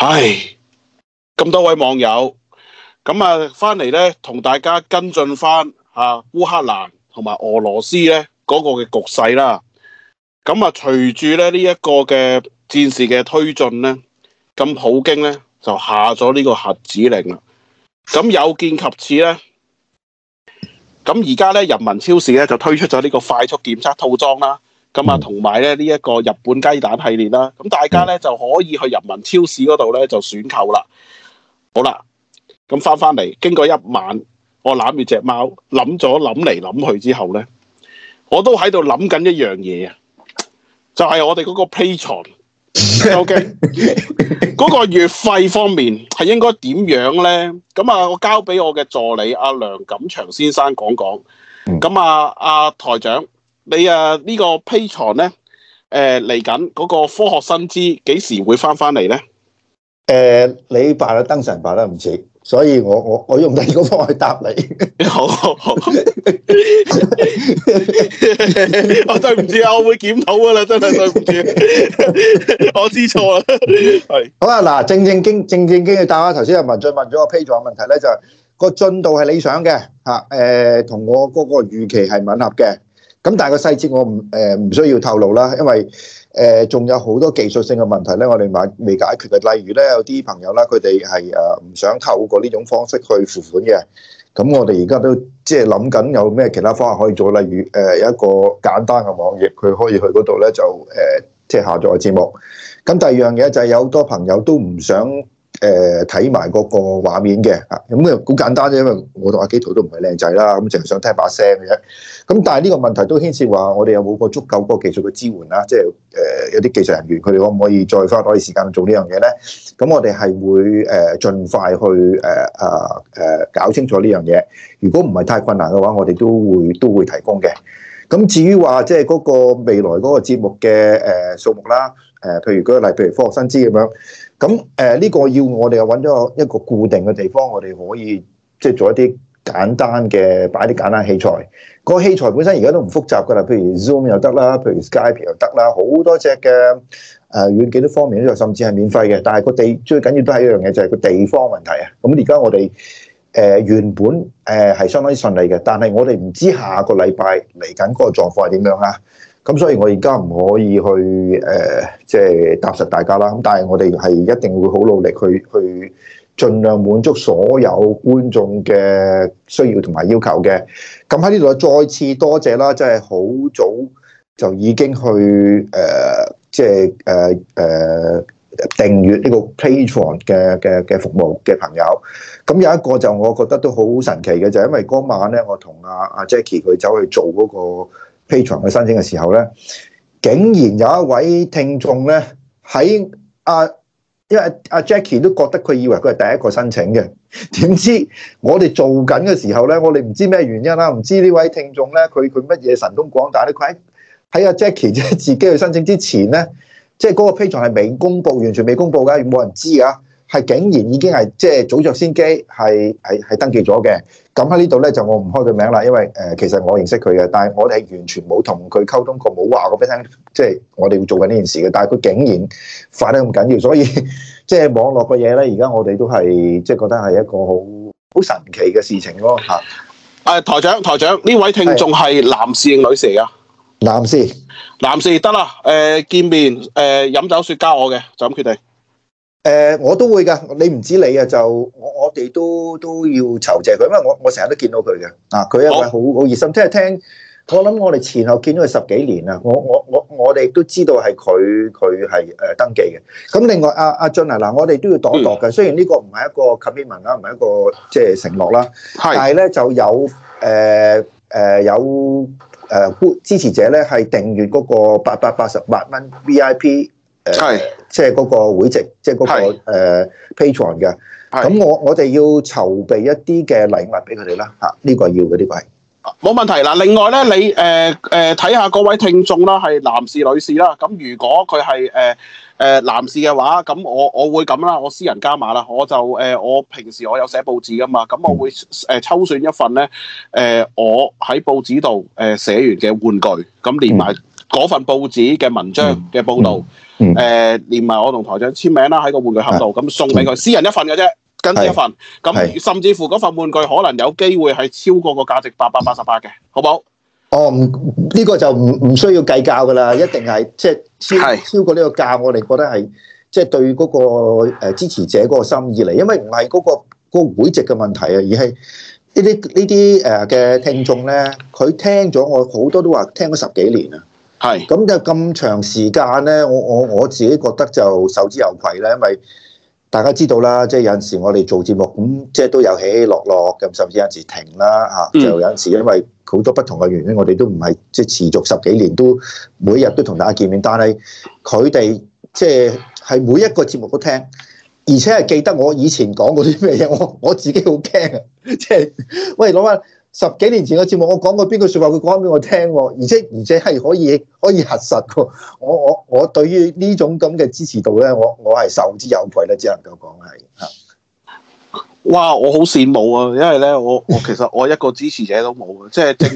唉，咁多位網友，咁啊翻嚟咧，同大家跟進翻啊烏克蘭同埋俄羅斯咧嗰個嘅局勢啦。咁啊，隨住咧呢一個嘅戰事嘅推進咧，咁普京咧就下咗呢個核指令啦。咁有見及此咧，咁而家咧人民超市咧就推出咗呢個快速檢測套裝啦。咁啊，同埋咧呢一個日本雞蛋系列啦，咁大家咧就可以去人民超市嗰度咧就選購啦。好啦，咁返返嚟，經過一晚，我攬住隻貓，諗咗諗嚟諗去之後咧，我都喺度諗緊一樣嘢啊，就係、是、我哋嗰個 Patreon，OK，嗰個月費方面係應該點樣咧？咁啊，我交俾我嘅助理阿梁錦祥先生講講。咁啊，阿、啊、台長。你啊，這個、呢個 Patreon 咧，誒嚟緊嗰個科學新知幾時會翻翻嚟咧？你扮嘅燈神扮得唔似，所以我我我用第二個方法去答你好。好，我對唔住啊，我會檢討噶啦，真係對唔住， 我知錯錯啦 是。好啦，嗱，正正經正正經嘅答案。頭先阿文俊問咗個 Patreon 問題咧，就係，就、那、係個進度係理想嘅嚇，同、呃、我嗰個預期係吻合嘅。咁但係個細節我唔唔需要透露啦，因為仲有好多技術性嘅問題咧，我哋仲未解決嘅，例如咧有啲朋友啦，佢哋係唔想透過呢種方式去付款嘅，咁我哋而家都即係諗緊有咩其他方法可以做，例如有一個簡單嘅網頁，佢可以去嗰度咧就即係下載節目。咁第二樣嘢就係有好多朋友都唔想。誒睇埋嗰個畫面嘅嚇，咁啊好簡單啫，因為我同阿基圖都唔係靚仔啦，咁淨係想聽把聲嘅啫。咁、嗯、但係呢個問題都牽涉話，我哋有冇個足夠嗰個技術嘅支援啦？即係誒有啲技術人員，佢哋可唔可以再花多啲時間做呢樣嘢咧？咁、嗯、我哋係會誒、呃、盡快去誒、呃啊啊、搞清楚呢樣嘢。如果唔係太困難嘅話，我哋都會都會提供嘅。咁、嗯、至於話即係嗰個未來嗰個節目嘅、呃、數目啦，譬如嗰個例，譬如科學新知咁樣。咁誒呢個要我哋又揾咗一個固定嘅地方，我哋可以即係做一啲簡單嘅，擺啲簡單器材。個器材本身而家都唔複雜㗎啦，譬如 Zoom 又得啦，譬如 Skype 又得啦，好多隻嘅誒軟件都方便，甚至係免費嘅。但係個地最緊要都係一樣嘢，就係個地方問題啊。咁而家我哋誒、呃、原本誒係相當之順利嘅，但係我哋唔知下個禮拜嚟緊嗰個狀況係點樣啊？咁所以，我而家唔可以去誒即係答實大家啦。咁但係我哋係一定會好努力去去，盡量滿足所有觀眾嘅需要同埋要求嘅。咁喺呢度再次多謝啦！即係好早就已經去誒即係誒誒訂閱呢個 Patreon 嘅嘅嘅服務嘅朋友。咁有一個就我覺得都好神奇嘅，就因為嗰晚咧，我同阿、啊、阿 Jackie 佢走去做嗰、嗰個。Patreon 去申請嘅時候咧，竟然有一位聽眾咧喺阿，因為阿、啊、Jackie 都覺得佢以為佢係第一個申請嘅，點知我哋做緊嘅時候咧，我哋唔知咩原因啦、啊，唔知呢位聽眾咧，佢佢乜嘢神通廣大咧？喺阿、啊、Jackie 即係自己去申請之前咧，即係嗰個 Patreon 係未公布，完全未公布嘅，冇人知啊，係竟然已經係即係早著先機，係係係登記咗嘅。咁喺呢度咧就我唔開佢名啦，因為誒、呃、其實我認識佢嘅，但係我哋係完全冇同佢溝通過，冇話過俾佢聽，即、就、係、是、我哋要做緊呢件事嘅。但係佢竟然快得咁緊要，所以即係、就是、網絡嘅嘢咧，而家我哋都係即係覺得係一個好好神奇嘅事情咯嚇。誒、啊、台長，台長，呢位聽眾係男士定女士啊？男士，男士得啦。誒、呃、見面，誒、呃、飲酒雪茄我嘅，就咁決定。誒， 我都會噶，你唔知你啊，就我我哋都都要酬謝佢，因為我我成日都見到佢嘅，啊，佢一位好好熱心，即係聽，聽，我諗我哋前後見咗佢十幾年啦，我我我我哋都知道係佢佢係誒登記嘅。咁另外阿阿進啊，嗱，我哋都要度度噶，雖然呢個唔係一個 commitment 啦，唔係一個即係承諾啦，係，但係咧就有誒、呃、誒有誒、呃、支持者咧係訂閱嗰個八百八十八蚊 V I P。係，即係嗰個會籍，即係嗰個誒 Patreon 嘅。咁我我哋要籌備一啲嘅禮物俾佢哋啦。嚇、呢個，呢、呢個係要呢啲位。冇問題。嗱，另外咧，你誒誒睇下各位聽眾啦，係男士、女士啦。咁如果佢係誒誒男士嘅話，咁我我會咁啦，我私人加碼啦。我就誒、呃，我平時我有寫報紙㗎嘛，咁我會誒抽選一份咧，誒、呃、我喺報紙度誒寫完嘅玩具，咁連埋嗰份報紙嘅文章嘅報導。嗯嗯誒、嗯呃，連埋我同台長簽名啦，喺個玩具盒度，咁是送俾佢，私人一份嘅啫，跟住是一份，咁是甚至乎嗰份玩具可能有機會係超過個價值八百八十八嘅，好唔好？哦，唔呢、這個就唔唔需要計較噶啦，一定係即係超是超過呢個價，我哋覺得係即係對嗰個誒支持者嗰個心意嚟，因為唔係嗰個、那個會籍嘅問題啊，而係呢啲呢啲誒嘅聽眾咧，佢聽咗我好多都話聽咗十幾年啊。係，咁就咁長時間咧，我我我自己覺得就受之有愧咧，因為大家知道啦，即係有陣時我哋做節目咁，即係都有起起落落咁，甚至有陣時停啦嚇，就有陣時因為好多不同嘅原因，我哋都唔係即係持續十幾年都每日都同大家見面，但係佢哋即係係每一個節目都聽，而且係記得我以前講過啲咩嘢，我我自己好驚啊！即係喂，老闆。十幾年前個節目，我講過邊句說話，佢講畀我聽喎，而且而且係可以可以核實喎。我我我對於呢種咁嘅支持度呢，我我係受之有愧啦，只能夠講係哇！我好羨慕啊，因為咧，我我其實我一個支持者都冇啊，即係 正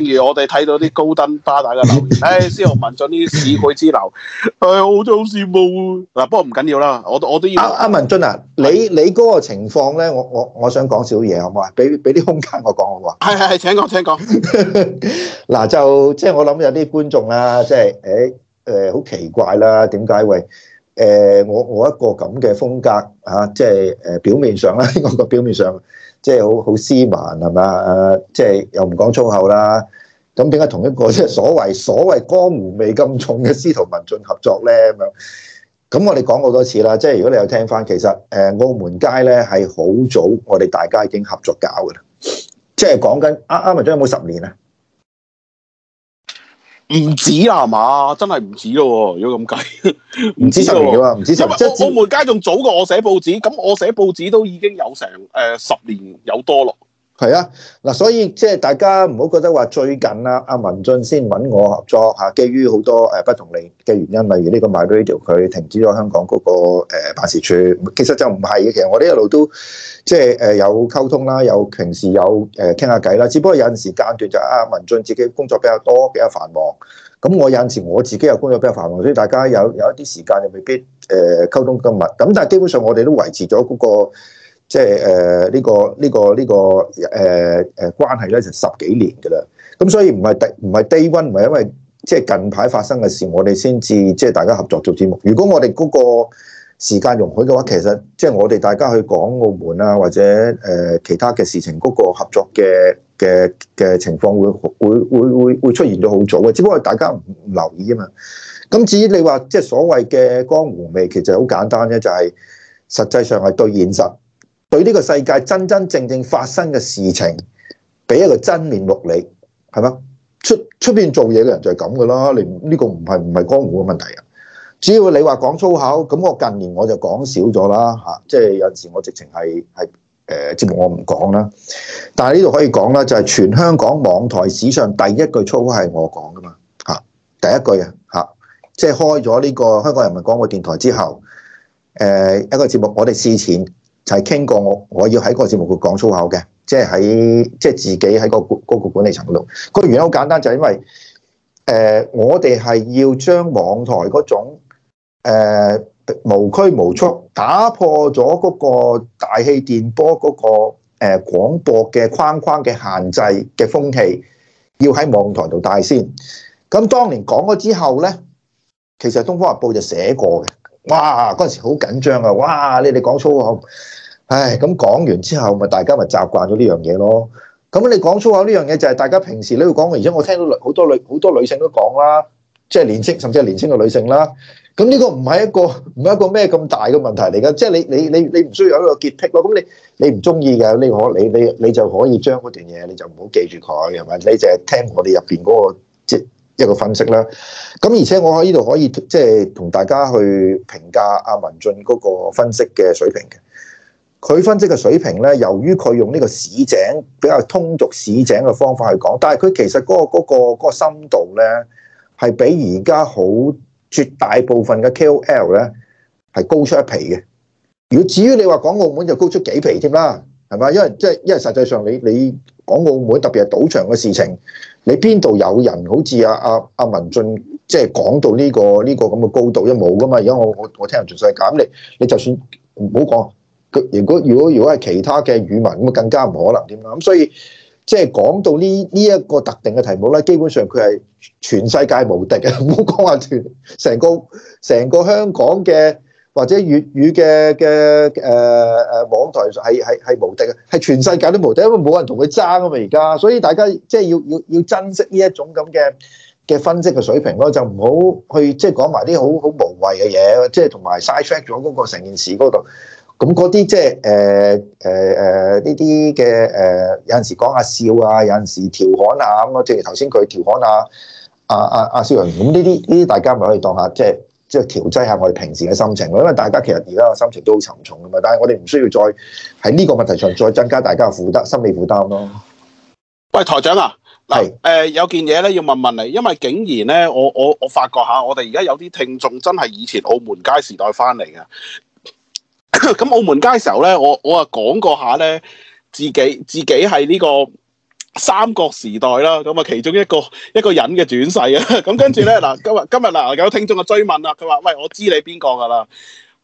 正如我哋睇到啲高登、巴打嘅留言，誒司徒文進呢啲市區之流，係、哎、我真好羨慕啊！嗱，不過唔緊要啦，我我都要阿、啊、文進啊，是你你嗰個情況咧，我我我想講少嘢，好唔好啊？俾俾啲空間我講我話，係係係，請講請講。嗱 就即係我諗有啲觀眾啦、啊，即係誒誒好奇怪啦、啊，點解會？呃、我我一個咁嘅風格即係、啊就是呃、表面上啦，我個表面上即係好好斯文係嘛，即係、啊就是、又唔講粗口啦。咁點解同一個即係、就是、所謂所謂江湖味咁重嘅司徒文進合作咧？咁咁我哋講好多次啦，即、就、係、是、如果你有聽翻，其實、呃、澳門街咧係好早，我哋大家已經合作搞嘅啦。即、就、係、是、講緊啱啱文進有冇十年啊？唔止啊，係嘛？真係唔止咯，如果咁計，唔止十年啊，唔 止十年。即係澳門街仲早過我寫報紙，咁我寫報紙都已經有成誒十年有多咯。係啊，嗱，所以即係大家唔好覺得話最近啦，阿文俊先搵我合作吓，基於好多誒不同嘅原因，例如呢個 MyRadio 佢停止咗香港嗰個誒辦事處，其實就唔係嘅。其實我呢一路都即係有溝通啦，有平時有誒傾下偈啦，只不過有陣時間斷，就阿文俊自己工作比較多，比較繁忙。咁我有陣時我自己又工作比較繁忙，所以大家有有一啲時間就未必誒溝通咁密。咁但係基本上我哋都維持咗嗰個。即係誒呢個呢、這個呢、這個誒誒關係咧，就、啊啊啊啊、十幾年噶啦。咁所以唔係低唔係 day one 唔係因為即係近排發生嘅事，我哋先至即係大家合作做節目。如果我哋嗰個時間容許嘅話，其實即係我哋大家去講澳門啊，或者誒、呃、其他嘅事情，嗰個合作嘅嘅嘅情況會會會會會出現咗好早嘅，只不過大家唔留意啊嘛。咁至於你話即係所謂嘅江湖味，其實好簡單咧，就係、是、實際上係對現實。對呢個世界真真正正發生嘅事情，俾一個真面目你，係嘛？出出邊做嘢嘅人就係咁噶啦，你呢個唔係唔係江湖嘅問題啊！只要你話講粗口，咁我近年我就講少咗啦，吓、就是，即係有陣時我直情係係誒節目我唔講啦。但係呢度可以講啦，就係、是、全香港網台史上第一句粗口係我講噶嘛，吓，第一句啊，吓，即係開咗呢個香港人民廣播電台之後，誒，一個節目我哋試錢。就係傾過我，我我要喺個節目度講粗口嘅，即係喺即係自己喺、嗰個嗰、嗰個、管理層度。嗰個原因好簡單，就係、係、因為誒、呃，我哋係要將網台嗰種誒、呃、無拘無束，打破咗嗰個大氣電波嗰個誒廣播嘅框框嘅限制嘅風氣，要喺網台度帶先。咁當年講咗之後呢，其實《東方日報》就寫過嘅。哇！嗰陣時好緊張啊！哇！你哋講粗口，唉咁講完之後，咪大家咪習慣咗呢樣嘢咯？咁你講粗口呢樣嘢就係大家平時你會講，而且我聽到好多女好多女性都講啦，即係年青甚至係年青嘅女性啦。咁呢個唔係一個唔係一個咩咁大嘅問題嚟㗎，即係你你你你唔需要有一個潔癖咯。咁你你唔中意嘅，你可你你你就可以將嗰段嘢你就唔好記住佢，係咪？你淨係聽我哋入邊嗰個。一個分析啦，咁而且我喺呢度可以即係同大家去評價阿文進嗰個分析嘅水平嘅。佢分析嘅水平咧，由於佢用呢個市井比較通俗市井嘅方法去講，但係佢其實嗰個嗰個嗰個深度咧，係比而家好絕大部分嘅 KOL 咧係高出一皮嘅。如果至於你話講澳門就高出幾皮添啦，係咪？因為即係因為實際上你你講澳門特別係賭場嘅事情。你邊度有人好似阿阿阿文俊即係講到呢個呢個咁嘅高度，一冇噶嘛？而家我我我聽人全世界講，你你就算唔好講，佢如果如果如果係其他嘅語文，咁更加唔可能添啦。咁所以即係、就是、講到呢呢一個特定嘅題目咧，基本上佢係全世界無敵嘅，唔好講話全成個成個香港嘅。或者粵語嘅、嘅誒誒網台係係係無敵嘅，係全世界都無敵，因為冇人同佢爭啊嘛而家，所以大家即係要要要珍惜呢一種咁嘅嘅分析嘅水平咯，啊，就唔好去即係，就係，講埋啲好好無謂嘅嘢，即係同埋 side track 咗嗰個成件事嗰度。咁嗰啲即係誒誒誒呢啲嘅誒，有陣時候講下笑啊，有陣時調侃下咁咯。正如頭先佢調侃阿阿阿阿少仁，咁呢啲呢啲大家咪可以當下即，就，係，係。即係調劑下我哋平時嘅心情，因為大家其實而家嘅心情都好沉重㗎嘛。但係我哋唔需要再喺呢個問題上再增加大家嘅負擔、心理負擔咯。喂，台長啊，嗱是，誒有件嘢咧要問問你，因為竟然咧，我我我發覺下，我哋而家有啲聽眾真係以前澳門街時代翻嚟嘅。咁澳門街時候咧，我我啊講過下咧，自己自己係呢個。三國時代啦，咁啊其中一個一個人嘅轉世啊，咁跟住咧嗱，今日今日嗱有聽眾嘅追問啦，佢話喂，我知你邊個噶啦，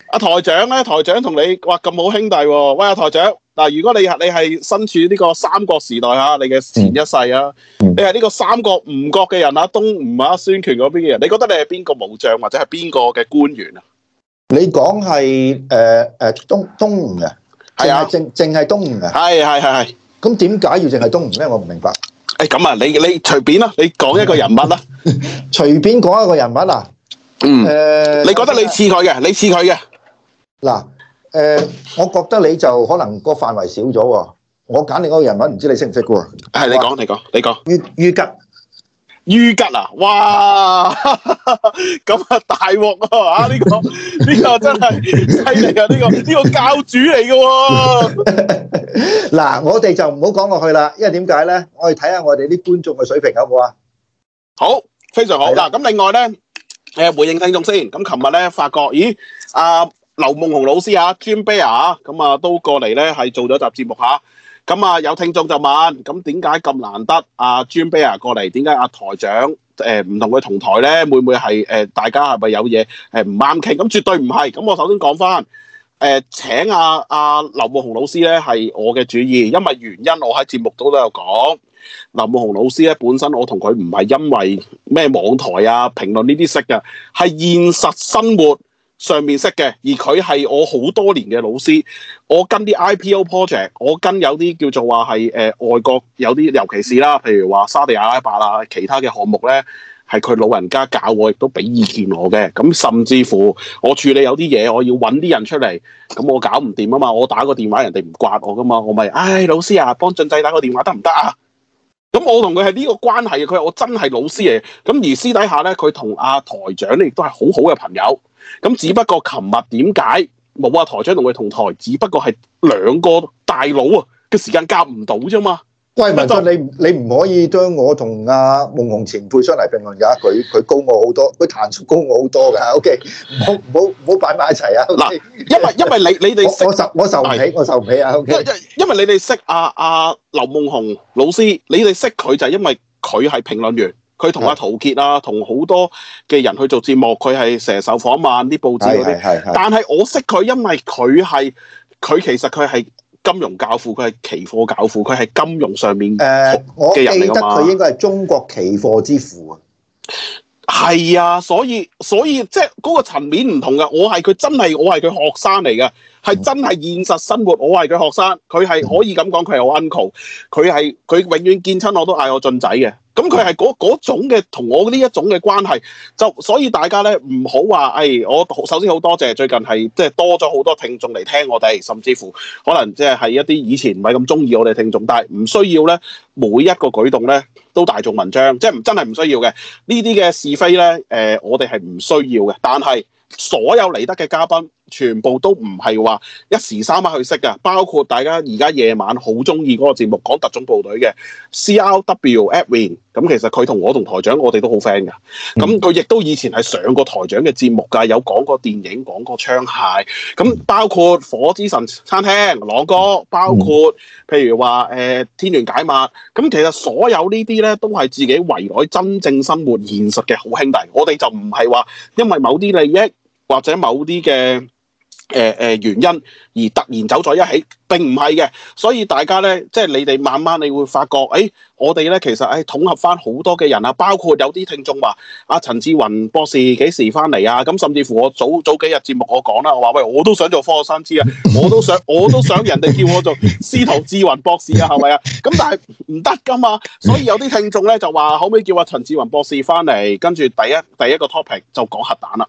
阿台長咧，台長同你哇咁好兄弟，喂阿台長嗱，如果你你係身處呢個三國時代吓，你嘅前一世啊，嗯、你係呢個三國吳國嘅人啊，東吳啊，孫權嗰邊嘅人，你覺得你係邊個武將或者係邊個嘅官員說是、呃、是是啊？你講係誒誒東東吳嘅，係啊，淨淨係東吳嘅，係係係。咁點解要淨係東吳咧？我唔明白。誒咁、哎、啊，你你隨便啦，你講一個人物啦。 隨便講一個人物啊？嗯。呃、你覺得你似佢嘅？是你似佢嘅？嗱，誒、呃，我覺得你就可能個範圍少咗喎、啊。我揀你嗰個人物，唔知你認認識唔識嘅喎？係你講，你講是，你講。于于吉。於吉啊！哇，咁啊大鑊啊！呢、這個呢 個真係犀利啊！呢、這個呢、這個教主嚟嘅喎。嗱， 我哋就唔好講落去啦，因為點解咧？我哋睇下我哋啲觀眾嘅水平好唔好啊？好，非常好。嗱的，咁另外咧，誒回應聽眾先。咁琴日咧，發覺，咦？阿、啊、劉夢熊老師啊，Juan Bear 啊，咁啊都過嚟咧，係做咗集節目嚇。啊咁啊，有聽眾就問：咁點解咁難得阿朱貝亞過嚟？點解阿台長誒唔同佢同台咧？會唔會係誒大家係咪有嘢誒唔啱傾？咁絕對唔係。咁我首先講翻誒請阿阿林慕雄老師咧係我嘅主意，因為原因我喺節目度都有講。林慕雄老師咧本身我同佢唔係因為咩網台啊評論呢啲識嘅，係現實生活。上面識嘅，而佢係我好多年嘅老師。我跟啲 IPO project，我跟有啲叫做話係誒外國有啲，尤其是啦，譬如話沙地阿拉伯啊，其他嘅項目咧，係佢老人家教我，亦都俾意見我嘅。咁甚至乎我處理有啲嘢，我要揾啲人出嚟，咁我搞唔掂啊嘛，我打個電話，人哋唔掛我噶嘛，我咪唉、哎，老師啊，幫進仔打個電話得唔得啊？咁我同佢係呢個關係，佢係我真係老師嚟。咁而私底下咧，佢同阿台長咧亦都係好好嘅朋友。咁只不過琴日點解冇啊台長同佢同台，只不過係兩個大佬啊嘅時間夾唔到啫嘛。貴賓喂，你你唔可以將我同阿夢紅前輩出嚟評論㗎，佢佢高我好多，佢談吐高我好多㗎。OK，唔好唔好唔好擺埋一齊啊。嗱、okay?，因為因為你你哋我我受唔起我受唔起、okay? 啊。因為因為你哋識阿阿劉夢紅老師，你哋識佢就係因為佢係評論員。佢同阿陶傑啊，同好多嘅人去做節目，佢係成日受訪問啲報紙啲。是是是是但係我識佢，因為佢係佢其實佢係金融教父，佢係期貨教父，佢係金融上面嘅人、呃、我記得佢應該係中國期貨之父啊。係啊，所以所以即係嗰個層面唔同噶。我係佢真係，我係佢學生嚟噶，係真係現實生活我係佢學生，佢係、嗯、可以咁講，佢係我 uncle，佢係佢永遠見親我都嗌我俊仔嘅。咁佢係嗰嗰種嘅，同我呢一種嘅關係，就所以大家咧唔好話，誒、哎、我首先好多謝最近係即係多咗好多聽眾嚟聽我哋，甚至乎可能即係一啲以前唔係咁中意我哋聽眾，但係唔需要咧每一個舉動咧都大眾文章，即係唔真係唔需要嘅呢啲嘅是非咧、呃，我哋係唔需要嘅。但係所有嚟得嘅嘉賓，全部都唔係話一時三刻去識㗎，包括大家而家夜晚好中意嗰個節目講特種部隊嘅 C R W Edwin 咁其實佢同我同台長，我哋都好 friend 噶。咁佢亦都以前係上過台長嘅節目㗎，有講過電影，講過槍械，咁包括火之神餐廳羅哥，包括譬如話誒、呃、天壇解密。咁其實所有呢啲呢，都係自己圍內真正生活現實嘅好兄弟。我哋就唔係話因為某啲利益或者某啲嘅。誒誒、呃呃，原因而突然走咗一起，並唔係嘅，所以大家咧，即係你哋慢慢你會發覺，誒、哎，我哋咧其實誒、哎，統合翻好多嘅人啊，包括有啲聽眾話，阿、啊、陳志雲博士幾時翻嚟啊？咁甚至乎我早早幾日節目我講啦，我話喂，我都想做科三知啊，我都想，我都想人哋叫我做司徒志雲博士啊，係咪啊？咁但係唔得噶嘛，所以有啲聽眾咧就話，可唔可以叫阿陳志雲博士翻嚟？跟住第一第一個 topic 就講核彈啦。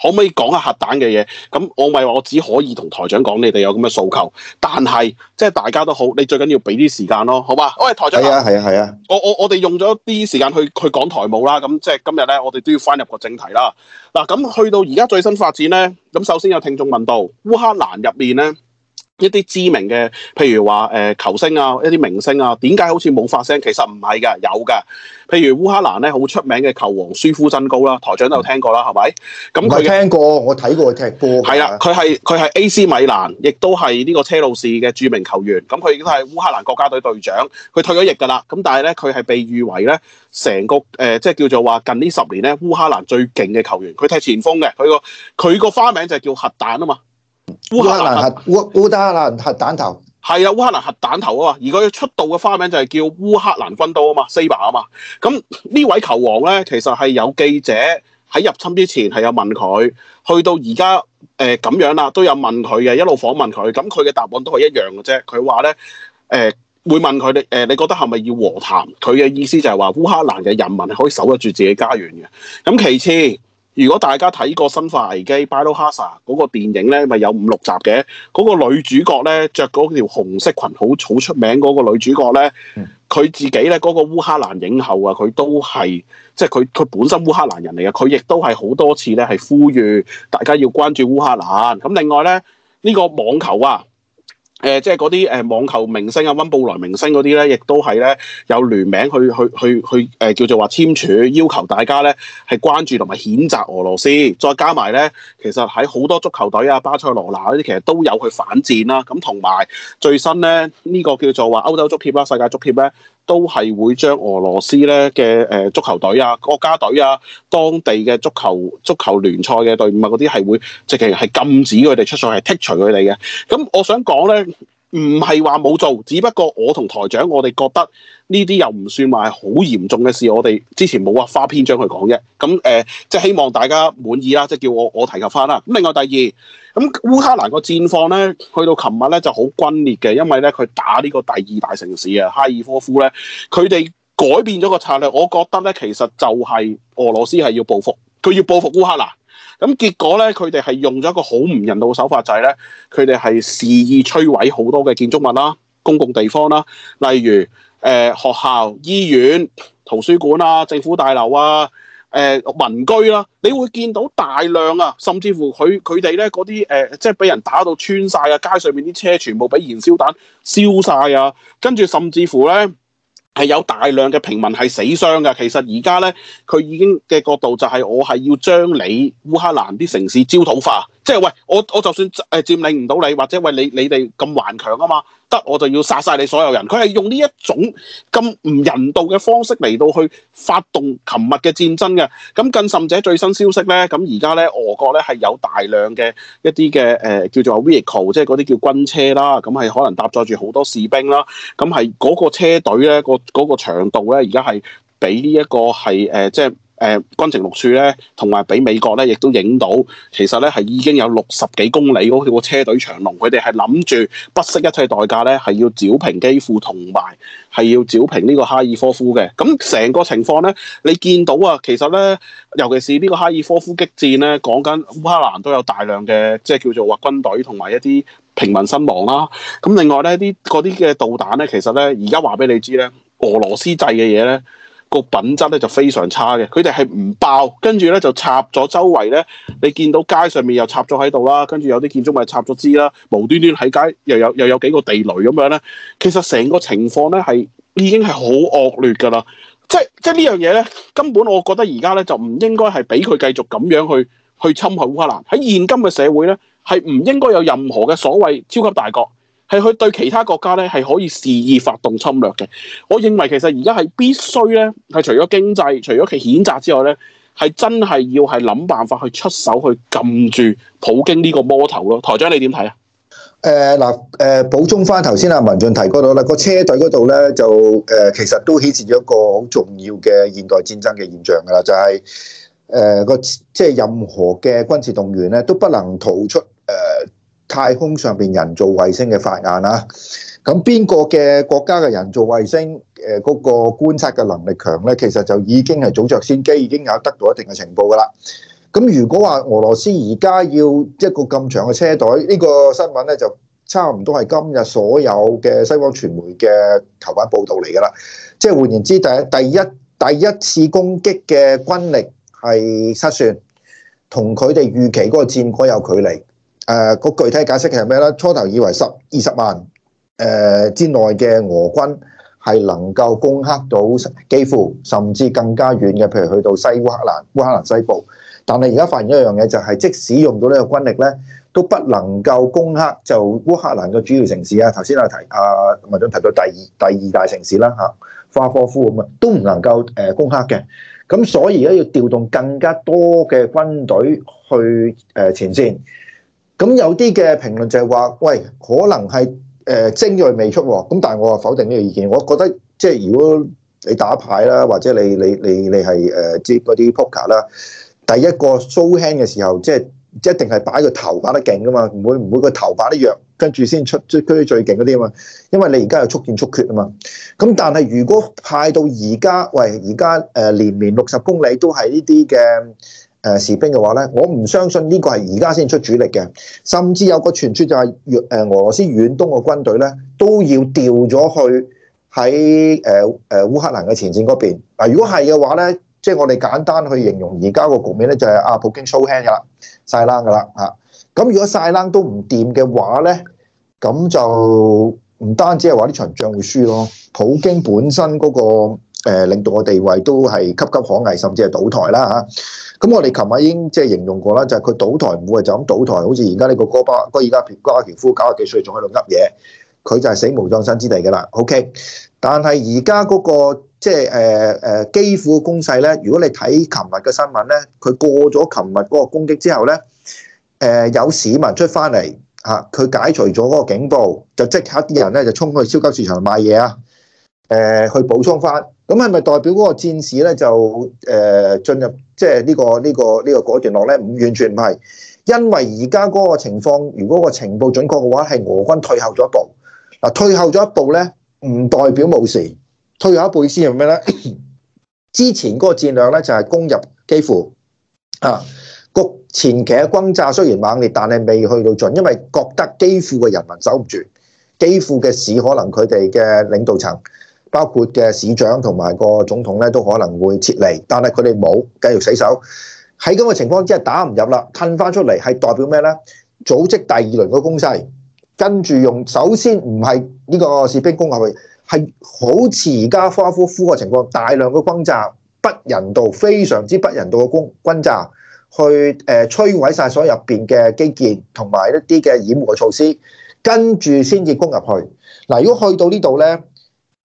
可唔可以講下核彈嘅嘢？咁我咪話我只可以同台長講，你哋有咁嘅訴求。但係即係大家都好，你最緊要俾啲時間咯，好嘛？喂，台長。係啊，係啊，係啊。我我我哋用咗啲時間去去講台務啦。咁即係今日咧，我哋都要翻入個正題啦。嗱，咁去到而家最新發展咧，咁首先有聽眾問到烏克蘭入面咧。一啲知名嘅，譬如話誒、呃、球星啊，一啲明星啊，點解好似冇發聲？其實唔係噶，有噶。譬如烏克蘭咧，好出名嘅球王舒夫真高啦、啊，台長都有聽過啦，係咪？咁佢聽過，我睇過佢踢波。係啦、啊，佢係佢係 AC 米蘭，亦都係呢個車路士嘅著名球員。咁佢已經係烏克蘭國家隊隊長，佢退咗役噶啦。咁但係咧，佢係被譽為咧成個誒、呃，即係叫做話近呢十年咧，烏克蘭最勁嘅球員。佢踢前鋒嘅，佢個佢個花名就係叫核彈啊嘛。烏克蘭核烏烏克蘭核彈頭係啊，烏克蘭核彈頭啊嘛，而佢出道嘅花名就係叫烏克蘭軍刀啊嘛，Saber 啊嘛，咁呢位球王咧，其實係有記者喺入侵之前係有問佢，去到而家誒咁樣啦，都有問佢嘅，一路訪問佢，咁佢嘅答案都係一樣嘅啫，佢話咧誒會問佢你誒你覺得係咪要和談？佢嘅意思就係話烏克蘭嘅人民可以守得住自己家園嘅，咁其次。如果大家睇過《生化危機》《Biohazard》嗰個電影呢，咪有五六集嘅嗰、嗰個女主角呢，着嗰條紅色裙好好出名嗰個女主角呢，佢、嗯、自己呢，嗰、嗰個烏克蘭影后啊，佢都係即係佢佢本身烏克蘭人嚟嘅，佢亦都係好多次呢，係呼籲大家要關注烏克蘭。咁另外呢，呢、呢個網球啊～誒、呃、即係嗰啲誒網球明星啊、溫布萊明星嗰啲咧，亦都係咧有聯名去去去去、呃、叫做話簽署，要求大家咧係關注同埋譴責俄羅斯。再加埋咧，其實喺好多足球隊啊、巴塞羅那嗰啲，其實都有去反戰啦、啊。咁同埋最新咧，呢、這個叫做話歐洲足協啦、世界足協咧。都係會將俄羅斯咧嘅誒足球隊啊、國家隊啊、當地嘅足球足球聯賽嘅隊伍啊嗰啲，係會直情係禁止佢哋出賽，係剔除佢哋嘅。咁我想講咧。唔係話冇做，只不過我同台長，我哋覺得呢啲又唔算話係好嚴重嘅事，我哋之前冇話花篇章去講啫。咁，呃，即係希望大家滿意啦，即係叫我我提及翻啦。咁另外第二，咁烏克蘭個戰況咧，去到琴日咧就好轟烈嘅，因為咧佢打呢個第二大城市啊，哈爾科夫咧，佢哋改變咗個策略，我覺得咧其實就係俄羅斯係要報復，佢要報復烏克蘭。咁結果咧，佢哋係用咗一個好唔人道嘅手法，就係、是、咧，佢哋係肆意摧毀好多嘅建築物啦、公共地方啦，例如誒、呃、學校、醫院、圖書館啦、啊、政府大樓啊、誒、呃、民居啦，你會見到大量啊，甚至乎佢佢哋咧嗰啲誒，即係俾人打到穿晒啊，街上面啲車全部俾燃燒彈燒彈燒晒啊，跟住甚至乎咧。係有大量嘅平民係死傷嘅。其實而家呢，佢已經嘅角度就係我係要將你烏克蘭啲城市焦土化。即係喂，我我就算誒佔領唔到你，或者喂，你你哋咁頑強啊嘛，得我就要殺晒你所有人。佢係用呢一種咁唔人道嘅方式嚟到去發動琴日嘅戰爭嘅。咁更甚者，最新消息咧，咁而家咧俄國咧係有大量嘅一啲嘅誒叫做 vehicle，即係嗰啲叫軍車啦。咁係可能搭載住好多士兵啦。咁係嗰個車隊咧，嗰個嗰、嗰個長度咧，而家係比呢、這、一個係誒、呃、即係。誒、呃、軍情六處咧，同埋俾美國咧，亦都影到，其實咧係已經有六十幾公里嗰個車隊長龍，佢哋係諗住不惜一切代價咧，係要剿平基輔，同埋係要剿平呢個哈爾科夫嘅。咁成個情況咧，你見到啊，其實咧，尤其是呢個哈爾科夫激戰咧，講緊烏克蘭都有大量嘅即係叫做話軍隊同埋一啲平民身亡啦。咁另外咧，啲嗰啲嘅導彈咧，其實咧而家話俾你知咧，俄羅斯製嘅嘢咧。個品質咧就非常差嘅，佢哋係唔爆，跟住咧就插咗周圍咧，你見到街上面又插咗喺度啦，跟住有啲建築物插咗枝啦，無端端喺街又有又有幾個地雷咁樣咧，其實成個情況咧係已經係好惡劣㗎啦，即係即係呢樣嘢咧根本我覺得而家咧就唔應該係俾佢繼續咁樣去去侵害烏克蘭，喺現今嘅社會咧係唔應該有任何嘅所謂超級大國。係去對其他國家咧，係可以肆意發動侵略嘅。我認為其實而家係必須咧，係除咗經濟，除咗其譴責之外咧，係真係要係諗辦法去出手去撳住普京呢個魔頭咯。台長你點睇啊？誒嗱誒，補充翻頭先阿文進提嗰度啦，個車隊嗰度咧就誒、呃，其實都顯示咗一個好重要嘅現代戰爭嘅現象噶啦，就係誒個即係任何嘅軍事動員咧，都不能逃出誒。呃太空上邊人造衛星嘅發難啦、啊，咁邊個嘅國家嘅人造衛星，誒個觀察嘅能力強咧，其實就已經係早着先機已經有得到一定嘅情報噶啦。咁如果話俄羅斯而家要一個咁長嘅車隊呢、呢個新聞咧就差唔多係今日所有嘅西方傳媒嘅頭版報道嚟噶啦。即係換言之，第第一第一次攻擊嘅軍力係失算，同佢哋預期嗰個戰果有距離。誒個具體解釋係咩咧？初頭以為十二十萬誒、呃、之內嘅俄軍係能夠攻克到幾乎甚至更加遠嘅，譬如去到西烏克蘭、烏克蘭西部。但係而家發現一樣嘢就係、是，即使用到呢個軍力咧，都不能夠攻克就烏克蘭嘅主要城市啊！頭先啊提啊，文章提到第二第二大城市啦嚇，啊、花科夫咁啊，都唔能夠誒攻克嘅。咁所以而家要調動更加多嘅軍隊去誒前線。咁有啲嘅評論就係話，喂，可能係誒精銳未出喎。咁但係我否定呢個意見，我覺得即係如果你打牌啦，或者你你你你係接嗰啲 poker 啦，第一個 show hand 嘅時候，即係一定係擺個頭擺得勁噶嘛，唔會唔會個頭擺得弱，跟住先出出最勁嗰啲啊嘛。因為你而家又速戰速決啊嘛。咁但係如果派到而家，喂，而家誒連連六十公里都係呢啲嘅。誒士兵嘅話咧，我唔相信呢個係而家先出主力嘅，甚至有個傳說就係誒俄羅斯遠東嘅軍隊咧都要調咗去喺誒誒烏克蘭嘅前線嗰邊。嗱，如果係嘅話咧，即係我哋簡單去形容而家個局面咧，就係阿普京 show hand 嘅啦，曬冷嘅啦嚇。咁如果晒冷都唔掂嘅話咧，咁就唔單止係話呢場仗會輸咯，普京本身嗰個。令到我地位都係岌岌可危，甚至係倒台啦咁、吓、我哋琴日已經即係形容過啦，就係、係、佢倒台唔會就咁倒台，好似而家呢個戈巴哥而家皮戈亞皮夫九十幾歲仲喺度噏嘢，佢就係死無葬身之地㗎啦。OK，但係而家嗰個即係誒基輔攻勢咧，如果你睇琴日嘅新聞咧，佢過咗琴日嗰個攻擊之後咧，誒、呃、有市民出翻嚟吓佢解除咗嗰個警報，就即刻啲人咧就衝去超級市場買嘢啊！誒去補充翻，咁係咪代表嗰個戰事咧就誒、呃、進入即係呢個呢、這個呢、這個段落咧？唔完全唔係，因為而家嗰個情況，如果個情報準確嘅話，係俄軍退後咗一步嗱，退後咗一步咧，唔代表冇事，退後一步先係咩咧？之前嗰個戰略咧就係、是、攻入基輔啊，局前期嘅轟炸雖然猛烈，但係未去到盡，因為覺得基輔嘅人民守唔住，基輔嘅市可能佢哋嘅領導層。包括嘅市長同埋個總統咧，都可能會撤離，但係佢哋冇繼續死守。喺咁嘅情況之下打，打唔入啦，褪翻出嚟係代表咩呢？組織第二輪嘅攻勢，跟住用首先唔係呢個士兵攻入去，係好似而家科夫夫嘅情況，大量嘅轟炸，不人道，非常之不人道嘅攻轟炸，去誒摧毀晒所有入面嘅基建同埋一啲嘅掩護嘅措施，跟住先至攻入去。嗱，如果去到呢度呢。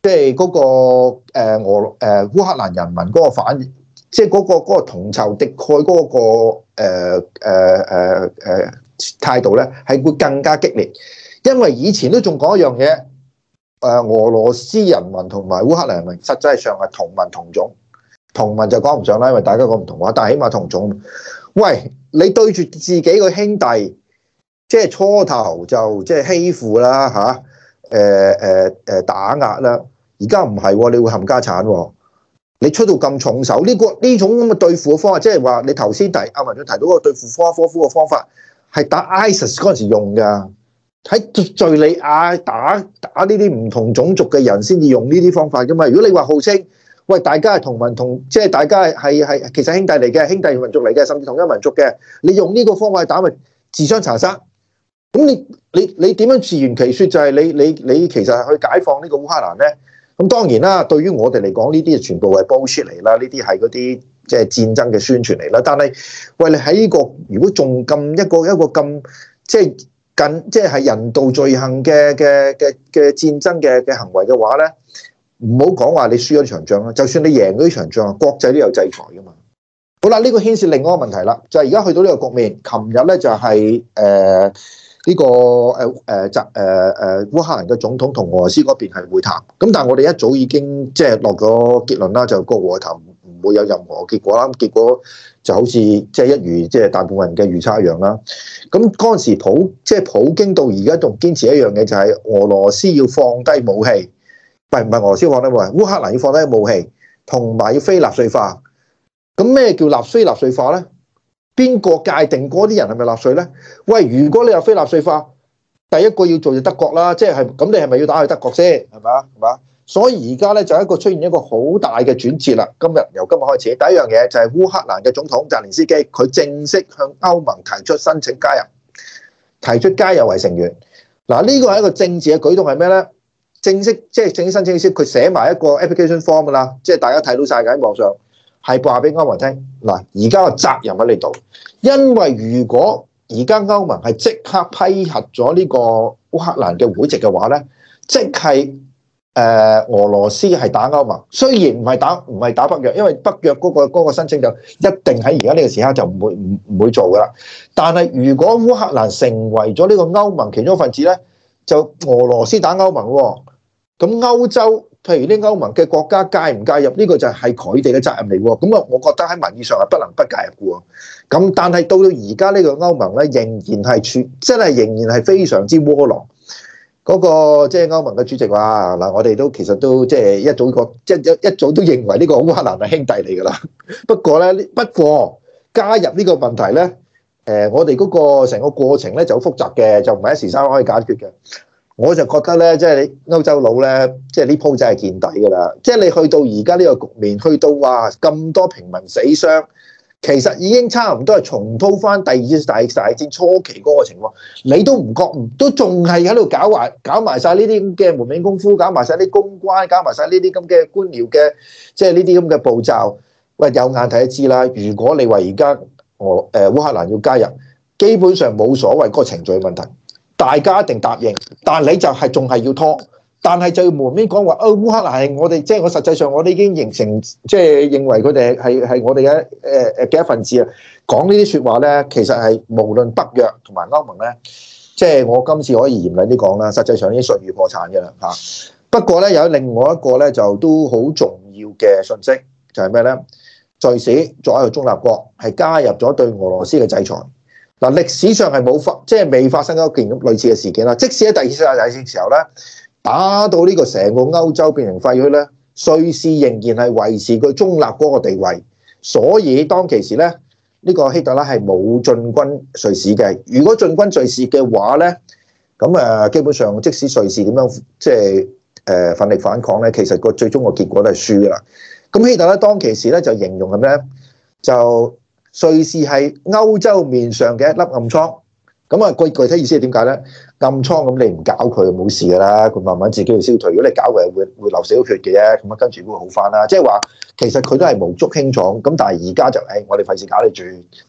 即係嗰個誒俄誒烏克蘭人民嗰個反應，即係嗰個、嗰個同仇敵愾嗰個誒誒誒誒態度咧，係會更加激烈。因為以前都仲講一樣嘢，誒俄羅斯人民同埋烏克蘭人民實際上係同文同種，同文就講唔上啦，因為大家講唔同話，但係起碼同種。喂，你對住自己個兄弟，即係初頭就即係欺負啦，吓、啊，誒誒誒打壓啦。而家唔係，你會冚家產喎。你出到咁重手，呢個呢種咁嘅對付嘅方法，即係話你頭先提阿文總提到個對付科科夫嘅方法，係打 ISIS 嗰陣時用㗎。喺敍利亞打打呢啲唔同種族嘅人先至用呢啲方法㗎嘛。如果你話號稱喂大家係同民同，即係大家係係其實兄弟嚟嘅，兄弟民族嚟嘅，甚至同一民族嘅，你用呢個方法去打咪自相殘殺？咁你你你點樣自圓其説？就係你你你其實去解放呢個烏克蘭咧？咁當然啦，對於我哋嚟講，呢啲就全部係 bullshit 嚟啦，呢啲係嗰啲即係戰爭嘅宣傳嚟啦。但係喂，你喺呢個如果仲咁一個一個咁即係近即係係人道罪行嘅嘅嘅嘅戰爭嘅嘅行為嘅話咧，唔好講話你輸咗場仗啦，就算你贏咗場仗，國際都有制裁噶嘛。好啦，呢個牽涉另外一個問題啦，就係而家去到呢個局面，琴日咧就係誒。呃呢、這個誒誒澤烏克蘭嘅總統同俄羅斯嗰邊係會談，咁但我哋一早已經即係落咗結論啦，就個和談唔會會有任何結果啦。結結果就好似即係一如即係大部分人嘅預測一樣啦。咁嗰時時普即係、就是、普京到而家仲堅持一樣嘢，就係俄羅斯要放低武器，唔係唔係俄羅斯放低武器，烏克蘭要放低武器，同埋要非納粹化。咁咩叫納粹納粹化咧？邊個界定嗰啲人係咪納稅呢？喂，如果你有非納稅化，第一個要做就德國啦，即係咁，你係咪要打去德國先？係咪啊？係嘛？所以而家呢，就一個出現一個好大嘅轉折啦。今日由今日開始，第一樣嘢就係烏克蘭嘅總統澤連斯基，佢正式向歐盟提出申請加入，提出加入為成員。嗱，呢個係一個政治嘅舉動，係咩呢？正式即係正式申請，佢寫埋一個 application form 噶啦，即係大家睇到晒嘅喺網上。係話俾歐盟聽，嗱，而家個責任喺你度，因為如果而家歐盟係即刻批核咗呢個烏克蘭嘅會籍嘅話呢，即係，誒俄羅斯係打歐盟，雖然唔係打唔係打北約，因為北約嗰個嗰個申請就一定喺而家呢個時刻就唔會唔唔會做噶啦。但係如果烏克蘭成為咗呢個歐盟其中一份子呢，就俄羅斯打歐盟喎，哦，咁歐洲。譬如啲歐盟嘅國家介唔介入呢個就係佢哋嘅責任嚟喎，咁啊，我覺得喺民意上係不能不介入喎。咁但係到到而家呢個歐盟咧，仍然係全真係仍然係非常之窩囊。嗰個即係歐盟嘅主席話嗱，我哋都其實都即係一早個即係一早都認為呢個烏克蘭係兄弟嚟㗎啦。不過咧，不過加入呢個問題咧，呃，我哋嗰個成個過程咧就好複雜嘅，就唔係一時三刻可以解決嘅。我就覺得咧，即係你歐洲佬咧，即係呢鋪真係見底㗎啦。即係你去到而家呢個局面，去到話咁多平民死傷，其實已經差唔多係重蹈翻第二次大，大戰初期嗰個情況。你都唔覺得都仲係喺度搞埋搞埋晒呢啲咁嘅門面功夫，搞埋晒啲公關，搞埋晒呢啲咁嘅官僚嘅，即係呢啲咁嘅步驟。喂，有眼睇都知啦。如果你話而家俄誒烏克蘭要加入，基本上冇所謂嗰個程序問題。大家一定答應，但你就係仲係要拖，但係就要門面講話。啊、哦，烏克蘭係我哋，即、就、係、是、我實際上我哋已經形成，即、就、係、是、認為佢哋係係我哋嘅誒誒嘅一份子啊！講這些話呢啲説話咧，其實係無論北約同埋歐盟咧，即、就、係、是、我今次可以嚴厲啲講啦。實際上已經信譽破產嘅啦嚇。不過咧，有另外一個咧，就都好重要嘅信息，就係咩咧？瑞士作為中立國，係加入咗對俄羅斯嘅制裁。嗱，歷史上係冇發，即係未發生一件咁類似嘅事件啦。即使喺第二次世界大戰嘅時候咧，打到呢個成個歐洲變成廢墟咧，瑞士仍然係維持佢中立嗰個地位。所以當其時咧，呢個希特拉係冇進軍瑞士嘅。如果進軍瑞士嘅話咧，咁啊基本上即使瑞士點樣即係誒奮力反抗咧，其實個最終個結果都係輸㗎啦。咁希特拉當其時咧就形容咁咧就。瑞士係歐洲面上嘅一粒暗瘡，咁、那、啊、個，具具體意思係點解咧？暗瘡咁你唔搞佢冇事㗎啦，佢慢慢自己會消退。如果你搞佢，會會流少血嘅啫。咁啊，跟住會好返啦。即係話其實佢都係無足輕重咁，但係而家就誒、哎，我哋費事搞你住，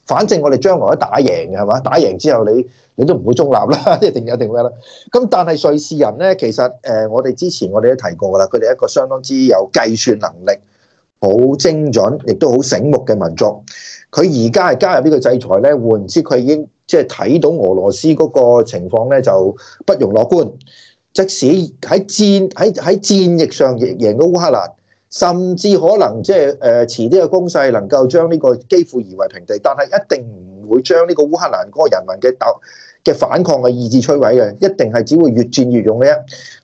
反正我哋將來都打贏嘅係嘛？打贏之後你你都唔會中立啦， 一定一定咩啦？咁但係瑞士人咧，其實誒、呃，我哋之前我哋都提過㗎啦，佢哋一個相當之有計算能力、好精準，亦都好醒目嘅民族。佢而家係加入呢個制裁呢咧，換唔知佢已經即係睇到俄羅斯嗰個情況呢，就不容樂觀。即使喺戰喺喺戰役上贏到烏克蘭，甚至可能即係誒遲啲嘅攻勢能夠將呢個幾乎夷為平地，但係一定唔會將呢個烏克蘭嗰個人民嘅鬥嘅反抗嘅意志摧毀嘅，一定係只會越戰越勇咧。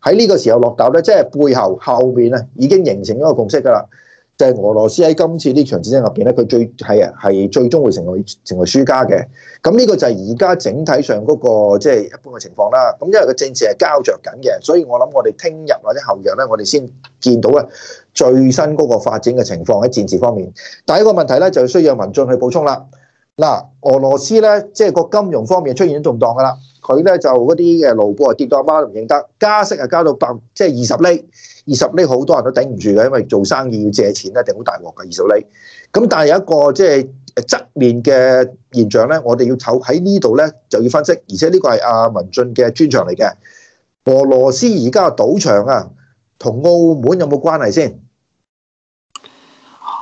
喺呢個時候落鬥呢，即係背後後面啊，已經形成了一個共識㗎啦。即係俄羅斯喺今次呢場戰爭入邊咧，佢最係啊係最終會成為成為輸家嘅。咁呢個就係而家整體上嗰、那個即係、就是、一般嘅情況啦。咁因為個政治係膠着緊嘅，所以我諗我哋聽日或者後日咧，我哋先見到啊最新嗰個發展嘅情況喺戰事方面。第一個問題咧，就需要民眾去補充啦。嗱，俄羅斯咧，即、就、係、是、個金融方面出現咗動盪噶啦。佢咧就嗰啲嘅盧布跌到阿媽都唔認得，加息啊加到百即係二十厘，二十厘好多人都頂唔住嘅，因為做生意要借錢一定好大鑊，㗎二十厘。咁但係有一個即係誒側面嘅現象咧，我哋要睇喺呢度咧就要分析，而且呢個係阿文進嘅專長嚟嘅。俄羅斯而家嘅賭場啊，同澳門有冇關係先？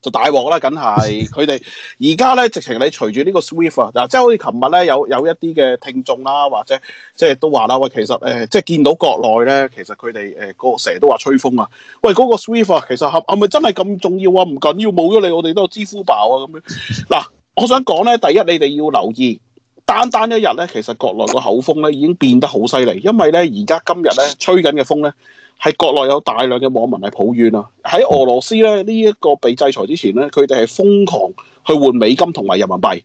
就大鑊啦，梗係佢哋而家咧，直情你隨住呢個 Swift 啊，嗱，即係好似琴日咧有有一啲嘅聽眾啦、啊，或者即係都話啦，喂，其實誒、呃，即係見到國內咧，其實佢哋誒個成日都話吹風啊，喂，嗰、那個 Swift 啊，其實係咪真係咁重要啊？唔緊要，冇咗你，我哋都有支付寶啊咁樣。嗱，我想講咧，第一你哋要留意，單單一日咧，其實國內個口風咧已經變得好犀利，因為咧而家今日咧吹緊嘅風咧。係國內有大量嘅網民係抱怨啊！喺俄羅斯咧，呢一個被制裁之前咧，佢哋係瘋狂去換美金同埋人民幣。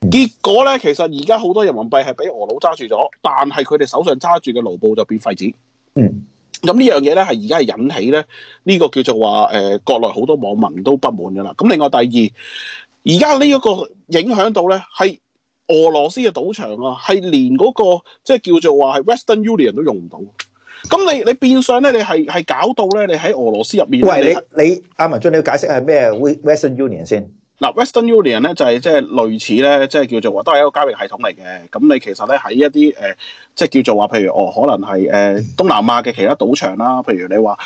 結果咧，其實而家好多人民幣係俾俄佬揸住咗，但係佢哋手上揸住嘅盧布就變廢紙。嗯，咁呢樣嘢咧係而家係引起咧呢個叫做話誒國內好多網民都不滿噶啦。咁另外第二，而家呢一個影響到咧係俄羅斯嘅賭場啊，係連嗰個即係叫做話係 Western Union 都用唔到。咁你你變相呢，你係係搞到呢？你喺俄羅斯入面。喂，你你阿文進，你，你要解釋係咩 Western Union 先。嗱，Western Union 咧就係即係類似咧，即係叫做話都係一個交易系統嚟嘅。咁你其實咧喺一啲即係叫做話，譬如哦，可能係誒東南亞嘅其他賭場啦，譬如你話、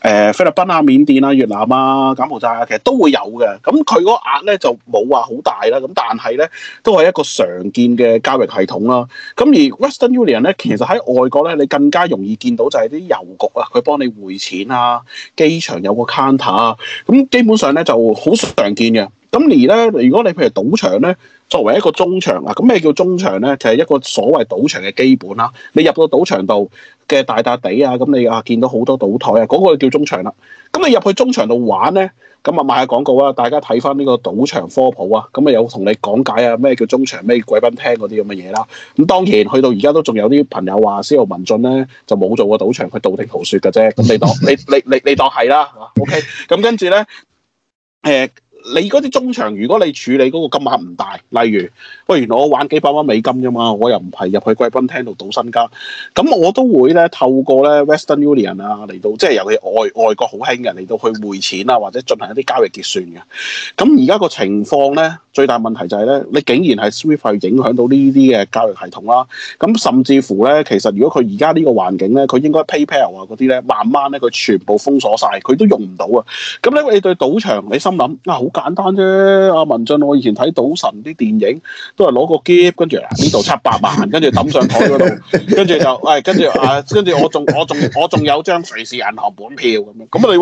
呃、菲律賓啊、緬甸啊、越南啊、柬埔寨啊，其實都會有嘅。咁佢嗰個額咧就冇話好大啦。咁但係咧都係一個常見嘅交易系統啦。咁而 Western Union 咧，其實喺外國咧，你更加容易見到就係啲郵局啊，佢幫你匯錢啊，機場有個 counter 啊，咁基本上咧就好常見嘅。咁而咧，如果你譬如賭場咧，作為一個中場啊，咁咩叫中場咧？就係一個所謂賭場嘅基本啦。你入到賭場度嘅大笪地啊，咁你啊見到好多賭枱啊，嗰個就叫中場啦。咁你入去中場度玩咧，咁啊賣下廣告啊，大家睇翻呢個賭場科普啊，咁啊有同你講解啊咩叫中場，咩貴賓廳嗰啲咁嘅嘢啦。咁當然去到而家都仲有啲朋友話，司徒文進咧就冇做過賭場，佢道聽途説嘅啫。咁你當 你你你你當係啦，OK。咁跟住咧，誒。你嗰啲中場，如果你處理嗰個金額唔大，例如，喂，原來我玩幾百蚊美金咋嘛，我又唔係入去貴賓廳度賭身家，咁我都會咧透過咧 Western Union 啊嚟到，即係尤其外外國好興嘅嚟到去匯錢啊，或者進行一啲交易結算嘅。咁而家個情況咧，最大問題就係咧，你竟然係 Swift 影響到呢啲嘅交易系統啦。咁甚至乎咧，其實如果佢而家呢個環境咧，佢應該 PayPal 啊嗰啲咧，慢慢咧佢全部封鎖晒，佢都用唔到啊。咁咧，你對賭場你心諗啊好～簡單啫，阿文俊，我以前睇《賭神》啲電影，都係攞個喼，跟住呢度七百萬，跟住抌上台嗰度，跟住 就，誒、哎，跟住，誒、啊，跟住我仲，我仲，我仲有一張瑞士銀行本票咁樣，咁啊你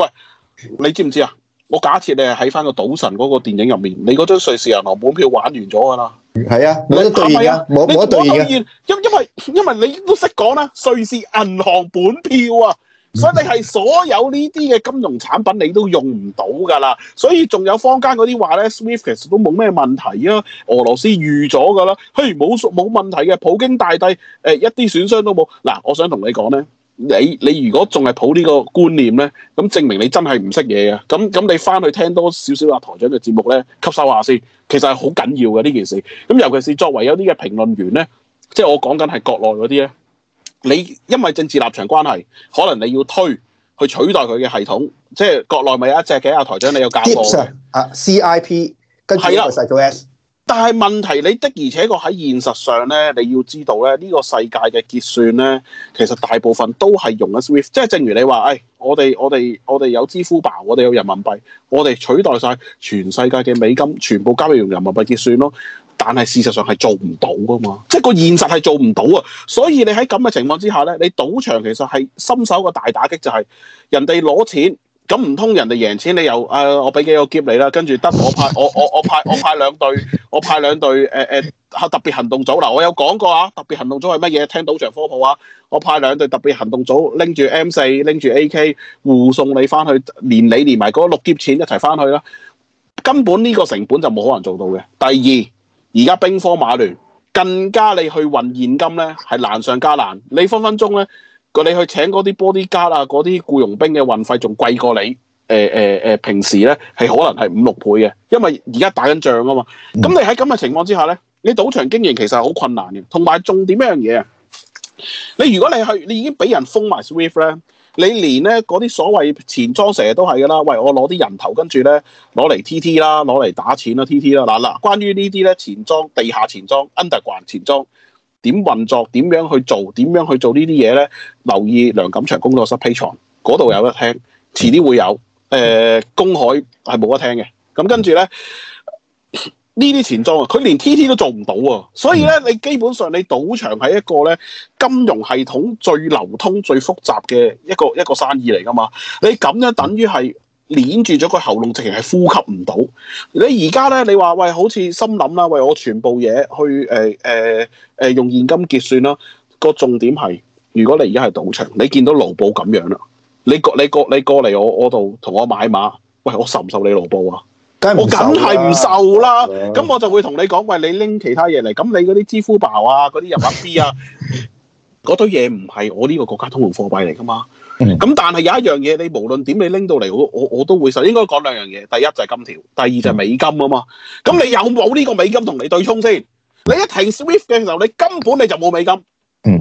喂，你知唔知啊？我假設你係喺翻個《賭神》嗰個電影入面，你嗰張瑞士銀行本票玩完咗㗎啦，係啊，啊，你玩完啦，我我當然，因因為因為你都識講啦，瑞士銀行本票啊。所以你係所有呢啲嘅金融產品，你都用唔到㗎啦。所以仲有坊間嗰啲話咧，SWIFT 都冇咩問題啊。俄羅斯預咗㗎啦，嘿冇冇問題嘅。普京大帝、呃、一啲損傷都冇。嗱，我想同你講咧，你你如果仲係抱呢個觀念咧，咁證明你真係唔識嘢嘅。咁咁你翻去聽多少少阿台長嘅節目咧，吸收下先。其實係好緊要嘅呢件事。咁尤其是作為一啲嘅評論員咧，即係我講緊係國內嗰啲咧。你因為政治立場關係，可能你要推去取代佢嘅系統，即係國內咪有一隻嘅？阿台長，你有教過啊？CIP 跟住再細到 S, S。但係問題，你的而且確喺現實上咧，你要知道咧，呢、呢個世界嘅結算咧，其實大部分都係用緊 Swift。即係正如你話、哎，我哋我哋我哋有支付寶，我哋有人民幣，我哋取代晒全世界嘅美金，全部交俾用人民幣結算咯。但係事實上係做唔到噶嘛，即係個現實係做唔到啊！所以你喺咁嘅情況之下咧，你賭場其實係深受個大打擊，就係，就係人哋攞錢咁唔通人哋贏錢，你又、呃、我俾幾個劫你啦？跟住得我派我我我派我派兩隊，我派兩隊、呃呃、特別行動組。嗱，我有講過啊，特別行動組係乜嘢？聽賭場科普啊，我派兩隊特別行動組拎住 M 四、拎住 AK 護送你翻去，連你連埋嗰六劫錢一齊翻去啦。根本呢個成本就冇可能做到嘅。第二。而家兵荒馬亂，更加你去運現金咧，係難上加難。你分分鐘咧，你去請嗰啲 bodyguard 啊，嗰啲僱傭兵嘅運費仲貴過你，誒誒誒，平時咧係可能係五六倍嘅，因為而家打緊仗啊嘛。咁、嗯、你喺咁嘅情況之下咧，你賭場經營其實係好困難嘅，同埋重點一樣嘢啊！你如果你去，你已經俾人封埋 Swift 咧。.你連咧嗰啲所謂錢莊成日都係㗎啦，喂！我攞啲人頭跟住咧攞嚟 TT 啦，攞嚟打錢啦，TT 啦嗱嗱。關於呢啲咧錢莊、地下錢莊、underground 錢莊點運作、點樣去做、點樣去做呢啲嘢咧，留意梁錦祥工作室 Patreon 嗰度有得聽，遲啲會有。呃，公海係冇得聽嘅。咁跟住咧。 呢啲錢莊啊，佢連 T T 都做唔到啊！所以咧，你基本上你賭場係一個咧金融系統最流通、最複雜嘅一個一個生意嚟噶嘛？你咁樣等於係捏住咗個喉嚨，直情係呼吸唔到。你而家咧，你話喂，好似心諗啦，喂，我全部嘢去誒誒誒用現金結算啦。個重點係，如果你而家係賭場，你見到盧布咁樣啦，你過你過你過嚟我我度同我買馬，喂，我受唔受你盧布啊？我梗係唔受啦，咁我，我就會同你講喂，你拎其他嘢嚟，咁你嗰啲支付寶啊、嗰啲入物 B 啊，嗰 堆嘢唔係我呢個國家的通用貨幣嚟噶嘛？咁、嗯、但係有一樣嘢，你無論點你拎到嚟，我我我都會受。應該講兩樣嘢，第一就係金條，第二就係美金啊嘛。咁、嗯、你有冇呢個美金同你對沖先？你一停 Swift 嘅時候，你根本你就冇美金。嗯，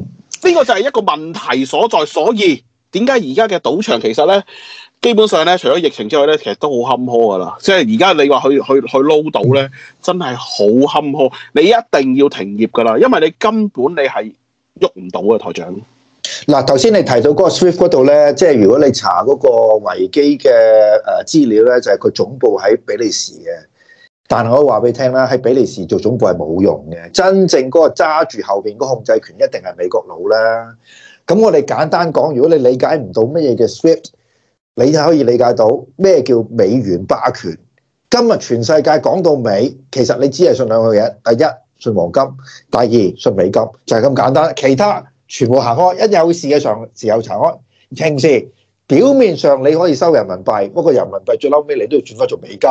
呢個就係一個問題所在，所以點解而家嘅賭場其實咧？基本上咧，除咗疫情之外咧，其實都好坎坷噶啦。即係而家你話去去去撈到咧，真係好坎坷。你一定要停業噶啦，因為你根本你係喐唔到啊，台長。嗱，頭先你提到嗰個 Swift 嗰度咧，即係如果你查嗰個維基嘅資料咧，就係、是、佢總部喺比利時嘅。但係我話俾你聽啦，喺比利時做總部係冇用嘅。真正嗰個揸住後面個控制權一定係美國佬啦。咁我哋簡單講，如果你理解唔到乜嘢嘅 Swift。你就可以理解到咩叫美元霸權？今日全世界講到尾，其實你只係信兩個嘢，第一信黃金，第二信美金，就係咁簡單。其他全部行開，一有事嘅時候行開，平時表面上你可以收人民幣，不過人民幣最嬲尾你都要轉翻做美金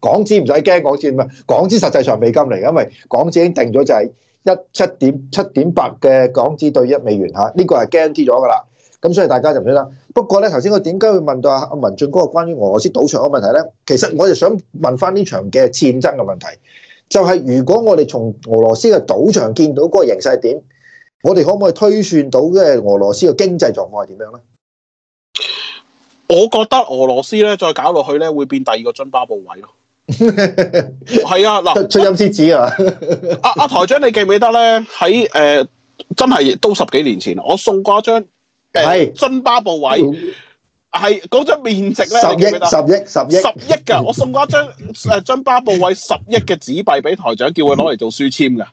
港紙唔使驚港紙嘛，港紙實際上美金嚟，因為港紙已經定咗就係一七點七點八嘅港紙對一美元吓，呢個係驚啲咗噶啦。咁所以大家就唔知啦。不過咧，頭先我點解會問到阿、啊、阿文進嗰個關於俄羅斯賭場嘅問題咧？其實我就想問翻呢場嘅戰爭嘅問題，就係、是、如果我哋從俄羅斯嘅賭場見到嗰個形勢係點，我哋可唔可以推算到嘅俄羅斯嘅經濟狀況係點樣咧？我覺得俄羅斯咧再搞落去咧，會變第二個津巴布韋咯。係 啊，嗱，吹陰吹子啊！阿 阿、啊啊、台長，你記唔記得咧？喺誒、呃，真係都十幾年前，我送過一張。係津巴布韋，係嗰張面值咧，十億、十億、十億、十億噶，我送過一張誒津巴布韋十億嘅紙幣俾台長，叫佢攞嚟做書籤噶。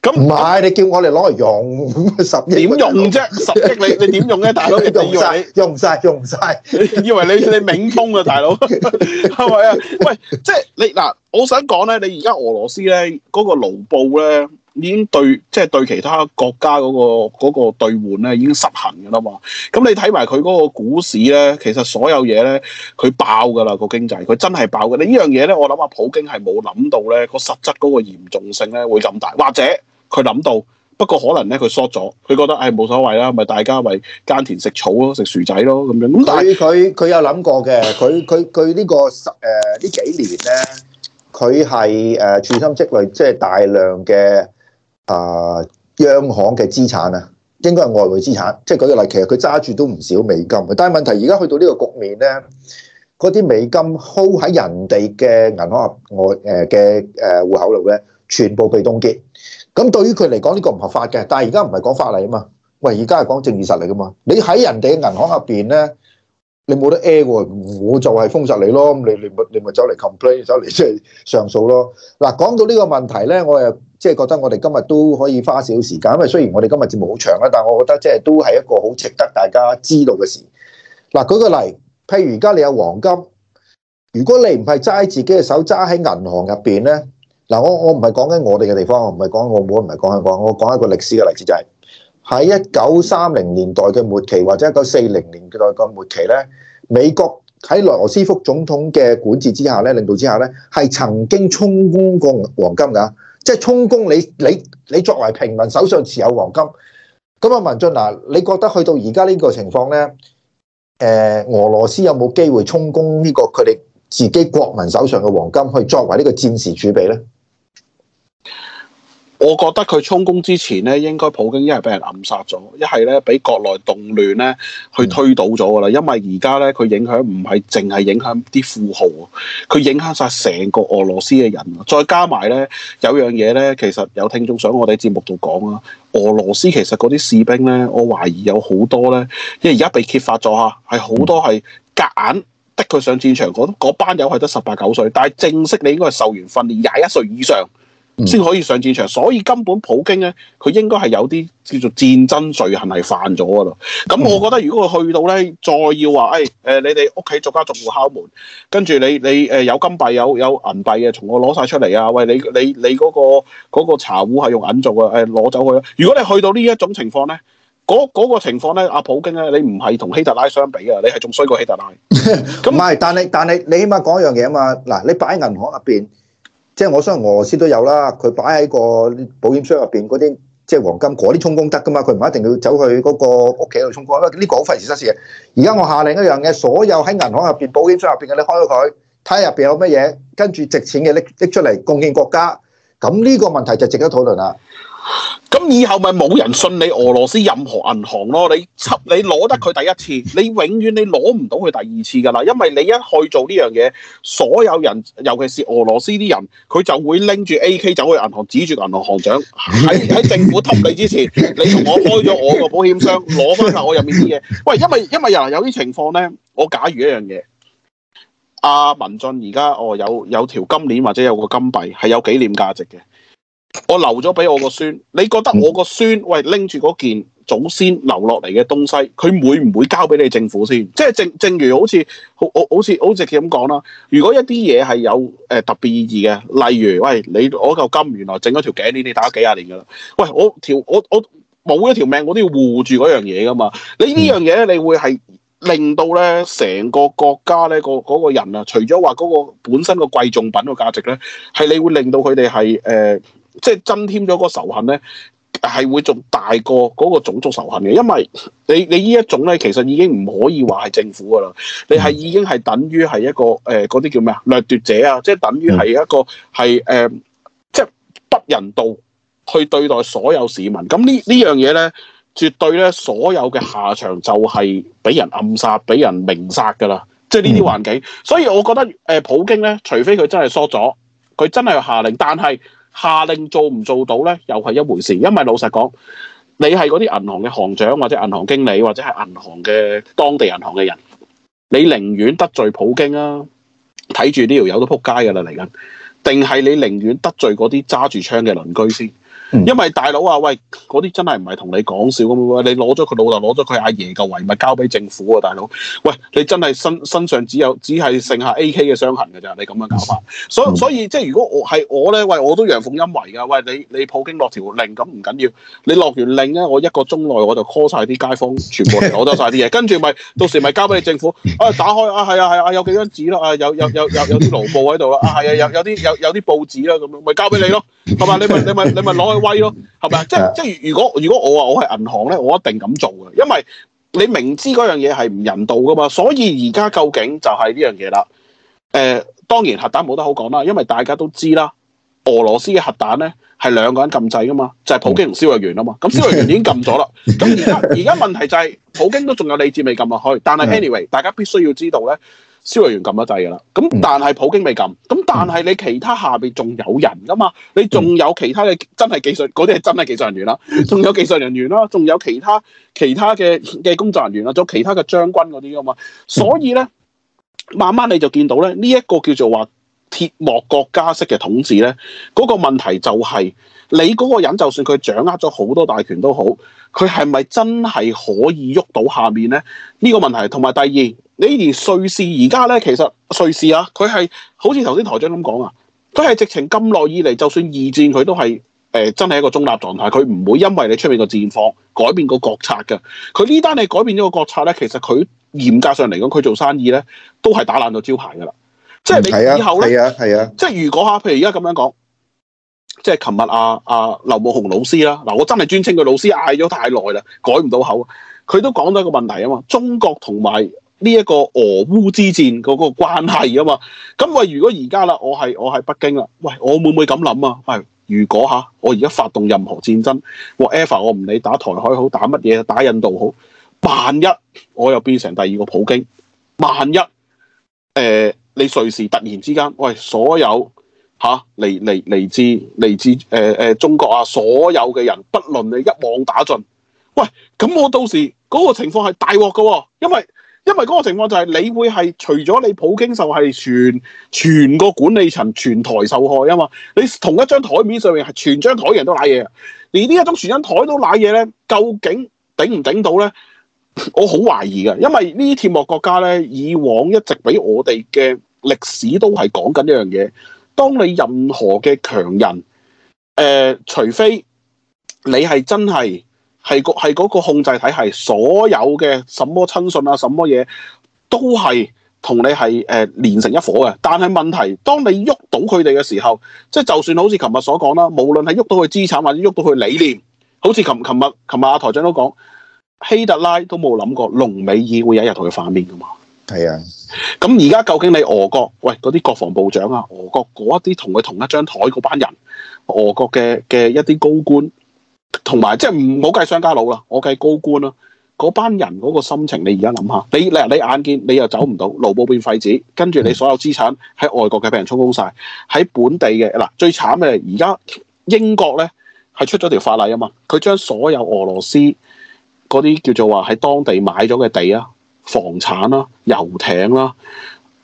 咁唔係，你叫我哋攞嚟用十億點用啫？十億你你點用咧，大佬？用晒，用唔晒，用唔晒。以為你你冥通啊，大佬？係咪啊？喂，即係你嗱，我想講咧，你而家俄羅斯咧嗰個盧布咧。已經對，即係對其他國家嗰個嗰個兌換咧，已經失衡嘅啦嘛。咁你睇埋佢嗰個股市咧，其實所有嘢咧，佢爆嘅啦個經濟，佢真係爆嘅。你呢樣嘢咧，我諗阿普京係冇諗到咧個實質嗰個嚴重性咧會咁大，或者佢諗到，不過可能咧佢縮咗，佢覺得誒冇所謂啦，咪大家咪耕田食草咯，食薯仔咯咁樣。但係佢佢有諗過嘅，佢佢佢呢個十誒呢幾年咧，佢係誒處心積慮，即係大量嘅。啊，央行嘅資產啊，應該係外匯資產，即係舉個例，其實佢揸住都唔少美金嘅，但係問題而家去到呢個局面咧，嗰啲美金 hold 喺人哋嘅銀行外誒嘅誒戶口度咧，全部被凍結，咁對於佢嚟講呢個唔合法嘅，但係而家唔係講法例啊嘛，喂，而家係講政治實力噶嘛，你喺人哋銀行入邊咧。你冇得 air 喎，我就係封殺你咯。咁你你咪你咪走嚟 complain，走嚟即係上訴咯。嗱，講到呢個問題咧，我又即係覺得我哋今日都可以花少少時間，因為雖然我哋今日節目好長啦，但係我覺得即係都係一個好值得大家知道嘅事。嗱，舉個例，譬如而家你有黃金，如果你唔係齋自己嘅手揸喺銀行入邊咧，嗱，我我唔係講緊我哋嘅地方，我唔係講澳門，唔係講香港，我講一個歷史嘅例子就係。喺一九三零年代嘅末期，或者一九四零年代嘅末期咧，美國喺羅斯福總統嘅管治之下咧，領導之下咧，係曾經充公過黃金㗎，即係充公你你你作為平民手上持有黃金。咁啊，文進嗱，你覺得去到而家呢個情況咧，誒、呃，俄羅斯有冇機會充公呢個佢哋自己國民手上嘅黃金，去作為呢個戰時儲備咧？我覺得佢衝鋒之前咧，應該普京一係俾人暗殺咗，一係咧俾國內動亂咧去推倒咗噶啦。因為而家咧佢影響唔係淨係影響啲富豪，佢影響晒成個俄羅斯嘅人。再加埋咧，有樣嘢咧，其實有聽眾想我哋節目度講啊，俄羅斯其實嗰啲士兵咧，我懷疑有好多咧，因為而家被揭發咗下，係好多係夾硬逼佢上戰場，嗰嗰班友係得十八九歲，但係正式你應該係受完訓練廿一歲以上。先可以上戰場，所以根本普京咧，佢應該係有啲叫做戰爭罪行係犯咗咯。咁我覺得如果佢去到咧，再要話誒，誒、哎、你哋屋企逐家逐戶敲門，跟住你你誒有金幣有有銀幣嘅，從我攞晒出嚟啊！喂，你你你嗰、嗰個、嗰個茶壺係用銀做啊，誒攞走佢啦！如果你去到呢一種情況咧，嗰、嗰個情況咧，阿普京咧，你唔係同希特拉相比啊，你係仲衰過希特拉。咁係， 但係但係你起碼講一樣嘢啊嘛，嗱你擺喺銀行入邊。即係我相信俄羅斯都有啦，佢擺喺個保險箱入邊嗰啲，即係黃金嗰啲充公得噶嘛，佢唔一定要走去嗰個屋企度充公啦，呢個好費時失事嘅。而家我下令一樣嘅，所有喺銀行入邊、保險箱入邊嘅，你開咗佢，睇下入邊有乜嘢，跟住值錢嘅拎拎出嚟貢獻國家，咁呢個問題就值得討論啦。咁以後咪冇人信你俄羅斯任何銀行咯？你你攞得佢第一次，你永遠你攞唔到佢第二次噶啦，因為你一去做呢樣嘢，所有人尤其是俄羅斯啲人，佢就會拎住 AK 走去銀行指住銀行行長，喺喺政府托你之前，你同我開咗我個保險箱，攞翻我入面啲嘢。喂，因為因為有有啲情況呢，我假如一樣嘢，阿、啊、文進而家哦有有條金鏈或者有個金幣，係有紀念價值嘅。我留咗俾我個孫，你覺得我個孫，喂，拎住嗰件祖先留落嚟嘅東西，佢會唔會交俾你政府先？即係正正如好似好我好似好直咁講啦，如果一啲嘢係有誒、呃、特別意義嘅，例如喂，你我嚿金原來整咗條頸鏈？你打咗幾廿年噶啦，喂我條我我冇一條命，我都要護住嗰樣嘢噶嘛？你呢樣嘢咧，你會係令到咧成個國家咧個嗰個人啊，除咗話嗰個本身個貴重品個價值咧，係你會令到佢哋係誒。呃即係增添咗個仇恨咧，係會仲大過嗰個種族仇恨嘅，因為你你呢一種咧，其實已經唔可以話係政府噶啦，你係已經係等於係一個誒嗰啲叫咩啊掠奪者啊，即係等於係一個係誒，即係不人道去對待所有市民。咁呢呢樣嘢咧，絕對咧所有嘅下場就係俾人暗殺，俾人明殺噶啦。即係呢啲環境，所以我覺得誒，普京咧，除非佢真係縮咗，佢真係下令，但係。下令做唔做到呢？又係一回事。因為老實講，你係嗰啲銀行嘅行長或者銀行經理或者係銀行嘅當地銀行嘅人，你寧願得罪普京啊？睇住呢條友都仆街㗎啦，嚟緊。定係你寧願得罪嗰啲揸住槍嘅鄰居先？因為大佬啊，喂，嗰啲真係唔係同你講笑咁，你攞咗佢老豆，攞咗佢阿爺嘅遺物交俾政府啊，大佬，喂，你真係身身上只有只係剩下 AK 嘅傷痕㗎咋，你咁樣搞法，所以所以即係如果我係我咧，喂，我都陽奉陰違㗎，喂，你你普京落條令咁唔緊要，你落完令咧，我一個鐘內我就 call 晒啲街坊，全部嚟攞得晒啲嘢，跟住咪到時咪交俾你政府，啊、哎，打開啊，係啊係啊，啊，有幾張紙啦，啊，有有有有有啲盧布喺度啦，啊，係啊，有有啲有有啲報紙啦，咁樣咪交俾你咯，係嘛，你咪你咪你咪攞。威咯，係咪、嗯嗯、即係即係，如果如果我話我係銀行咧，我一定咁做嘅，因為你明知嗰樣嘢係唔人道噶嘛，所以而家究竟就係呢樣嘢啦。誒、呃，當然核彈冇得好講啦，因為大家都知啦，俄羅斯嘅核彈咧係兩個人撳掣噶嘛，就係、是、普京同蕭若元啊嘛。咁蕭若元已經撳咗啦，咁而家而家問題就係、是、普京都仲有理智未撳落去，但係 anyway，大家必須要知道咧。消防員撳一掣嘅啦，咁但係普京未撳，咁但係你其他下邊仲有人噶嘛？你仲有其他嘅真係技術嗰啲係真係技術人員啦，仲有技術人員啦，仲有其他其他嘅嘅工作人員啦，仲有其他嘅將軍嗰啲噶嘛？所以咧，慢慢你就見到咧，呢一個叫做話鐵幕國家式嘅統治咧，嗰個問題就係你嗰個人就算佢掌握咗好多大權都好，佢係咪真係可以喐到下面咧？呢個問題同埋第二。你連瑞士而家咧，其實瑞士啊，佢係好似頭先台長咁講啊，佢係直情咁耐以嚟，就算二戰佢都係誒、呃、真係一個中立狀態，佢唔會因為你出面個戰況改變個國策㗎。佢呢單你改變咗個國策咧，其實佢嚴格上嚟講，佢做生意咧都係打爛咗招牌㗎啦。即係你以後咧係啊係啊，啊啊即係如果吓，譬如而家咁樣講，即係琴日啊，阿、啊、劉慕雄老師啦，嗱，我真係尊稱佢老師嗌咗太耐啦，改唔到口，佢都講咗一個問題啊嘛，中國同埋。呢一個俄烏之戰嗰個關係啊嘛，咁喂，如果而家啦，我係我喺北京啦，喂，我會唔會咁諗啊？喂，如果吓、啊，我而家發動任何戰爭，whatever 我唔理打台海好，打乜嘢，打印度好，萬一我又變成第二個普京，萬一誒、呃，你隨時突然之間，喂，所有嚇嚟嚟嚟自嚟自誒誒、呃、中國啊，所有嘅人不論你一網打盡，喂，咁我到時嗰、那個情況係大鑊㗎，哦，因為。因為嗰個情況就係你會係除咗你普京受係全全個管理層全台受害啊嘛，你同一張台面上面係全張台人都瀨嘢嘅，連呢一種全張台都瀨嘢咧，究竟頂唔頂到咧？我好懷疑嘅。因為呢啲鐵幕國家咧，以往一直俾我哋嘅歷史都係講緊一樣嘢，當你任何嘅強人，誒、呃，除非你係真係。係個係嗰個控制體系，所有嘅什麼親信啊，什麼嘢都係同你係誒、呃、連成一伙嘅。但係問題，當你喐到佢哋嘅時候，即係就算好似琴日所講啦，無論係喐到佢資產或者喐到佢理念，好似琴琴日琴日阿台長都講，希特拉都冇諗過隆美爾會有一日同佢反面噶嘛？係啊。咁而家究竟你俄國喂嗰啲國防部長啊，俄國嗰一啲同佢同一張台嗰班人，俄國嘅嘅一啲高官。同埋即係唔好計商家佬啦，我計高官啦，嗰班人嗰個心情，你而家諗下，你你你眼見你又走唔到，盧布變廢紙，跟住你所有資產喺外國嘅俾人充公晒，喺本地嘅，嗱，最慘嘅係而家英國呢，係出咗條法例啊嘛，佢將所有俄羅斯嗰啲叫做話喺當地買咗嘅地啊房產啦、啊、遊艇啦、啊。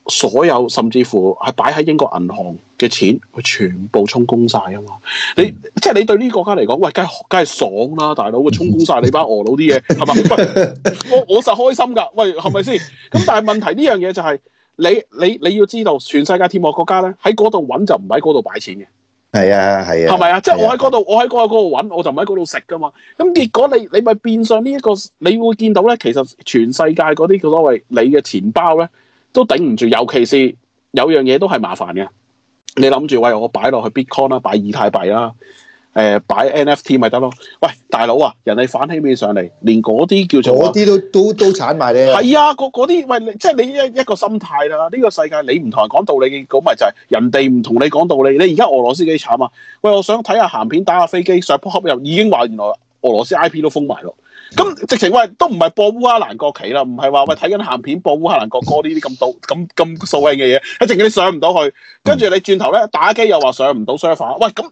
所有甚至乎係擺喺英國銀行嘅錢，佢全部充公晒啊嘛！你即係你對呢啲國家嚟講，喂，梗係梗係爽啦，大佬，佢充公晒你班俄佬啲嘢係嘛？我我實開心㗎，喂，係咪先咁？但係問題呢樣嘢就係你你你要知道，全世界天下國家咧喺嗰度揾就唔喺嗰度擺錢嘅係啊係啊，係咪啊？即係吧、啊、我喺嗰度，啊、我喺過嗰度揾，我就唔喺嗰度食㗎嘛。咁結果你你咪變相呢一個，你會見到咧，其實全世界嗰啲叫所謂你嘅錢包咧。都頂唔住，尤其是有樣嘢都係麻煩嘅。你諗住喂，我擺落去 Bitcoin 啦，擺以太幣啦，擺 NFT 咪得咯。喂，大佬啊，人哋反起面上嚟，連嗰啲叫做嗰啲都都都鏟埋你？係啊，嗰啲喂，即係你一一個心態啦。呢、呢個世界你唔同人講道理，咁咪就係、是、人哋唔同你講道理。你而家俄羅斯幾慘啊？喂，我想睇下鹹片，打下飛機，上波又已經話原來俄羅斯 IP 都封埋咯。咁直情喂，都唔係播烏克蘭國旗啦，唔係話喂，睇緊鹹片播烏克蘭國歌呢啲咁倒咁咁掃興嘅嘢，一直你上唔到去，跟住你轉頭咧打機又話上唔到 server，喂，咁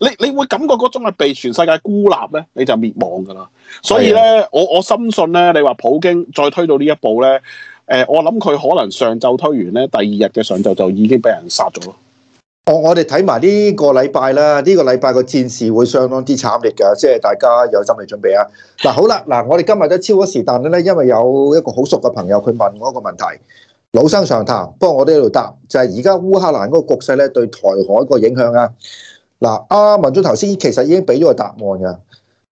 你你會感覺嗰種係被全世界孤立咧，你就滅亡㗎啦。所以咧，的我我深信咧，你話普京再推到呢一步咧，誒、呃、我諗佢可能上晝推完咧，第二日嘅上晝就已經俾人殺咗咯。哦，我哋睇埋呢個禮拜啦，呢個禮拜個戰事會相當之慘烈噶，即係大家有心理準備啊。嗱，好啦，嗱，我哋今日都超咗時但呢，因為有一個好熟嘅朋友佢問我一個問題，老生常談，不過我都喺度答，就係而家烏克蘭嗰個局勢咧對台海個影響啊。嗱，阿文總頭先其實已經俾咗個答案噶，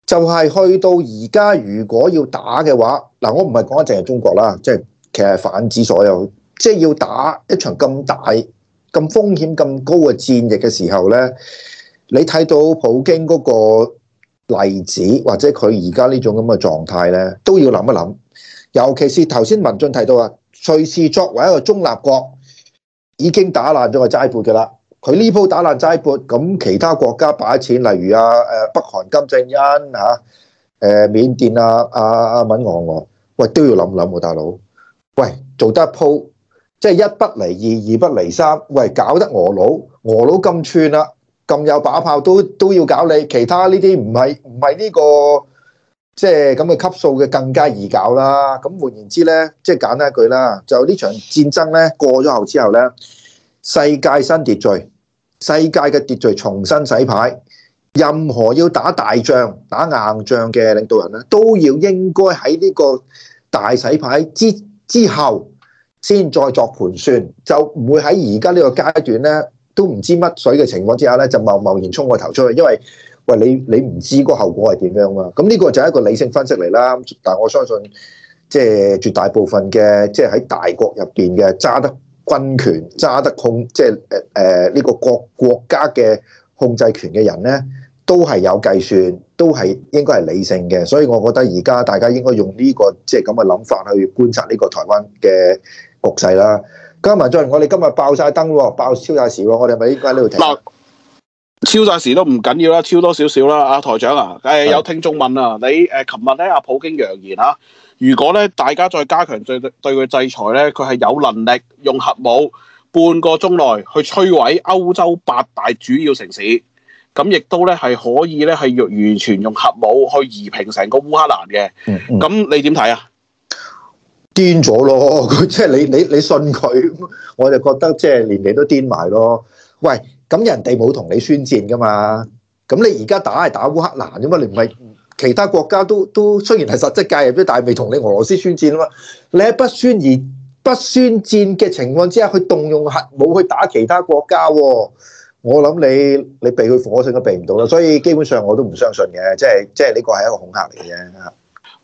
就係去到而家如果要打嘅話，嗱，我唔係講淨係中國啦，即係其實反之所有，即係要打一場咁大咁風險咁高嘅戰役嘅時候呢，你睇到普京嗰個例子，或者佢而家呢種咁嘅狀態呢，都要諗一諗。尤其是頭先文進提到啊，瑞士作為一個中立國，已經打爛咗個齋砵嘅啦。佢呢鋪打爛齋砵，咁其他國家擺錢，例如啊北韓金正恩啊、誒、啊、緬甸啊、阿、啊、阿敏昂昂、啊，喂都要諗諗喎，大佬。喂，做得一鋪。即係一不離二，二不離三，喂！搞得俄佬俄佬咁串啦，咁有把炮都都要搞你，其他呢啲唔係唔係呢個即係咁嘅級數嘅更加易搞啦。咁換言之呢，即係簡單一句啦，就呢場戰爭呢，過咗後之後呢，世界新秩序，世界嘅秩序重新洗牌，任何要打大仗、打硬仗嘅領導人呢，都要應該喺呢個大洗牌之之後。先再作盤算，就唔會喺而家呢個階段呢都唔知乜水嘅情況之下呢，就貿貿然衝個頭出去。因為喂你你唔知個後果係點樣嘛。咁呢個就係一個理性分析嚟啦。但係我相信，即係絕大部分嘅即係喺大國入邊嘅揸得軍權、揸得控，即係誒呢個國國家嘅控制權嘅人呢，都係有計算，都係應該係理性嘅。所以我覺得而家大家應該用呢個即係咁嘅諗法去觀察呢個台灣嘅局勢啦，加埋再，我哋今日爆晒燈，爆超晒時，我哋係咪應該喺呢度停？嗱，超晒時都唔緊要啦，超多少少啦，啊台長啊，誒的、哎、有聽眾問啊，你誒琴日咧阿普京揚言啊，如果咧大家再加強對對佢制裁咧，佢係有能力用核武半個鐘內去摧毀歐洲八大主要城市，咁亦都咧係可以咧係完全用核武去移平成個烏克蘭嘅，咁、嗯嗯、你點睇啊？癲咗咯！佢即係你你你信佢，我就覺得即係連你都癲埋咯。喂，咁人哋冇同你宣戰噶嘛？咁你而家打係打烏克蘭啫嘛？你唔係其他國家都都雖然係實質介入啫，但係未同你俄羅斯宣戰啊嘛？你喺不宣而不宣戰嘅情況之下，佢動用核武去打其他國家啊，我諗你你避佢火性都避唔到啦。所以基本上我都唔相信嘅，即係即係呢個係一個恐嚇嚟嘅。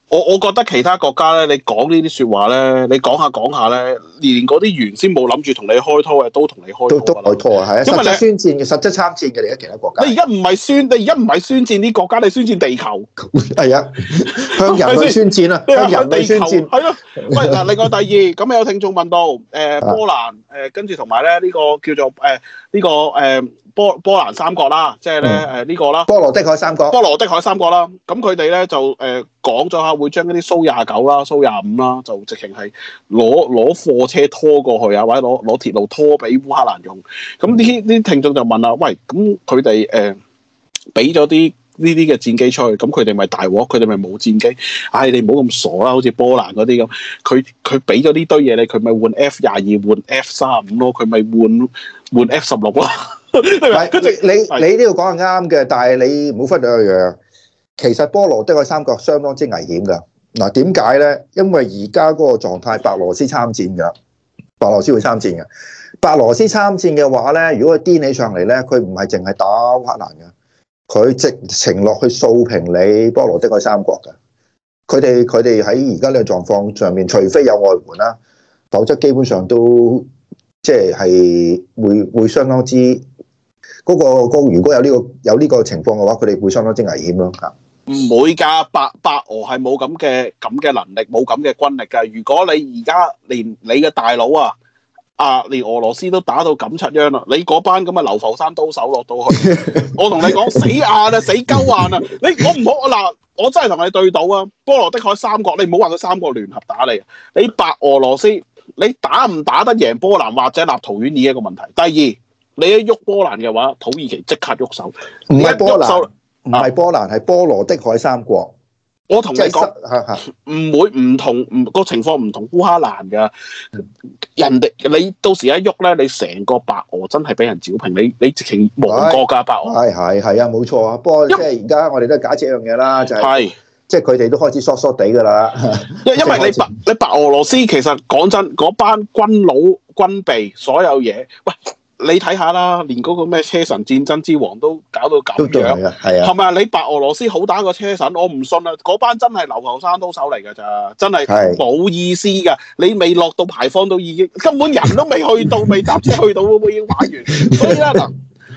我我覺得其他國家咧，你講呢啲説話咧，你講下講下咧，連嗰啲原先冇諗住同你開拖嘅都同你開拖啊，因為都吧你宣戰嘅，實質參戰嘅嚟啊，其他國家。你而家唔係宣，你而家唔係宣戰啲國家，你宣戰地球第一， 向人類宣戰啊， 說向人類宣戰係咯。喂嗱球、 啊，另外第二咁有聽眾問到誒、呃、波蘭誒、呃，跟住同埋咧呢、這個叫做誒呢、呃這個誒。呃波波蘭三國啦，即係咧誒呢、嗯啊這個啦，波羅的海三國，波羅的海三國啦。咁佢哋咧就誒講咗下會將嗰啲蘇廿九啦、蘇廿五啦，就直情係攞攞貨車拖過去啊，或者攞攞鐵路拖俾烏克蘭用。咁呢呢聽眾就問啦，喂，咁佢哋誒俾咗啲呢啲嘅戰機出去，咁佢哋咪大鑊？佢哋咪冇戰機？唉、哎，你唔好咁傻啦，好似波蘭嗰啲咁，佢佢俾咗呢堆嘢你，佢咪換 F 廿二換 F 卅五咯，佢咪換換 F 十六咯。唔，你你呢度講係啱嘅，但係你唔好忽略一樣。其實波羅的海三國相當之危險㗎。嗱，點解咧？因為而家嗰個狀態，白羅斯參戰㗎，白羅斯會參戰嘅。白羅斯參戰嘅話咧，如果佢顛起上嚟咧，佢唔係淨係打烏克蘭㗎，佢直情落去掃平你波羅的海三國㗎。佢哋佢哋喺而家呢個狀況上面，除非有外援啦，否則基本上都即係係會會相當之。嗰、個噉，如果有呢、呢個有呢個情況嘅話，佢哋會相當之危險咯。唔會㗎，白白俄係冇咁嘅咁嘅能力，冇咁嘅軍力㗎。如果你而家連你嘅大佬啊，啊，連俄羅斯都打到咁出樣啦，你嗰班咁嘅流浮山刀手落到去，我同你講 死硬啊，死鳩硬啊！你我唔好我嗱，我真係同你對賭啊。波羅的海三國，你唔好話佢三國聯合打你。你白俄羅斯，你打唔打得贏波蘭或者立陶宛呢一個問題？第二。你一喐波蘭嘅話，土耳其即刻喐手，唔係波蘭，唔係波蘭，係、啊、波羅的海三國。我同你講，嚇嚇唔會唔同，個情況唔同烏克蘭噶是人哋。你到時一喐咧，你成個白俄真係俾人剿平，你你直情冇過噶、哎、白俄，係係係啊，冇錯啊。不過即係而家我哋都係假設一樣嘢啦，就係即係佢哋都開始疏疏地噶啦。因因為你始你白俄羅斯其實講真嗰班軍佬軍備所有嘢喂。你睇下啦，連嗰個咩車臣戰爭之王都搞到咁樣，係啊，係咪你白俄羅斯好打過車臣，我唔信啊！嗰班真係流流山刀手嚟㗎咋，真係冇意思噶。的你未落到牌坊都已經，根本人都未去到，未搭 車去到，會唔會已經玩完？ 所以咧，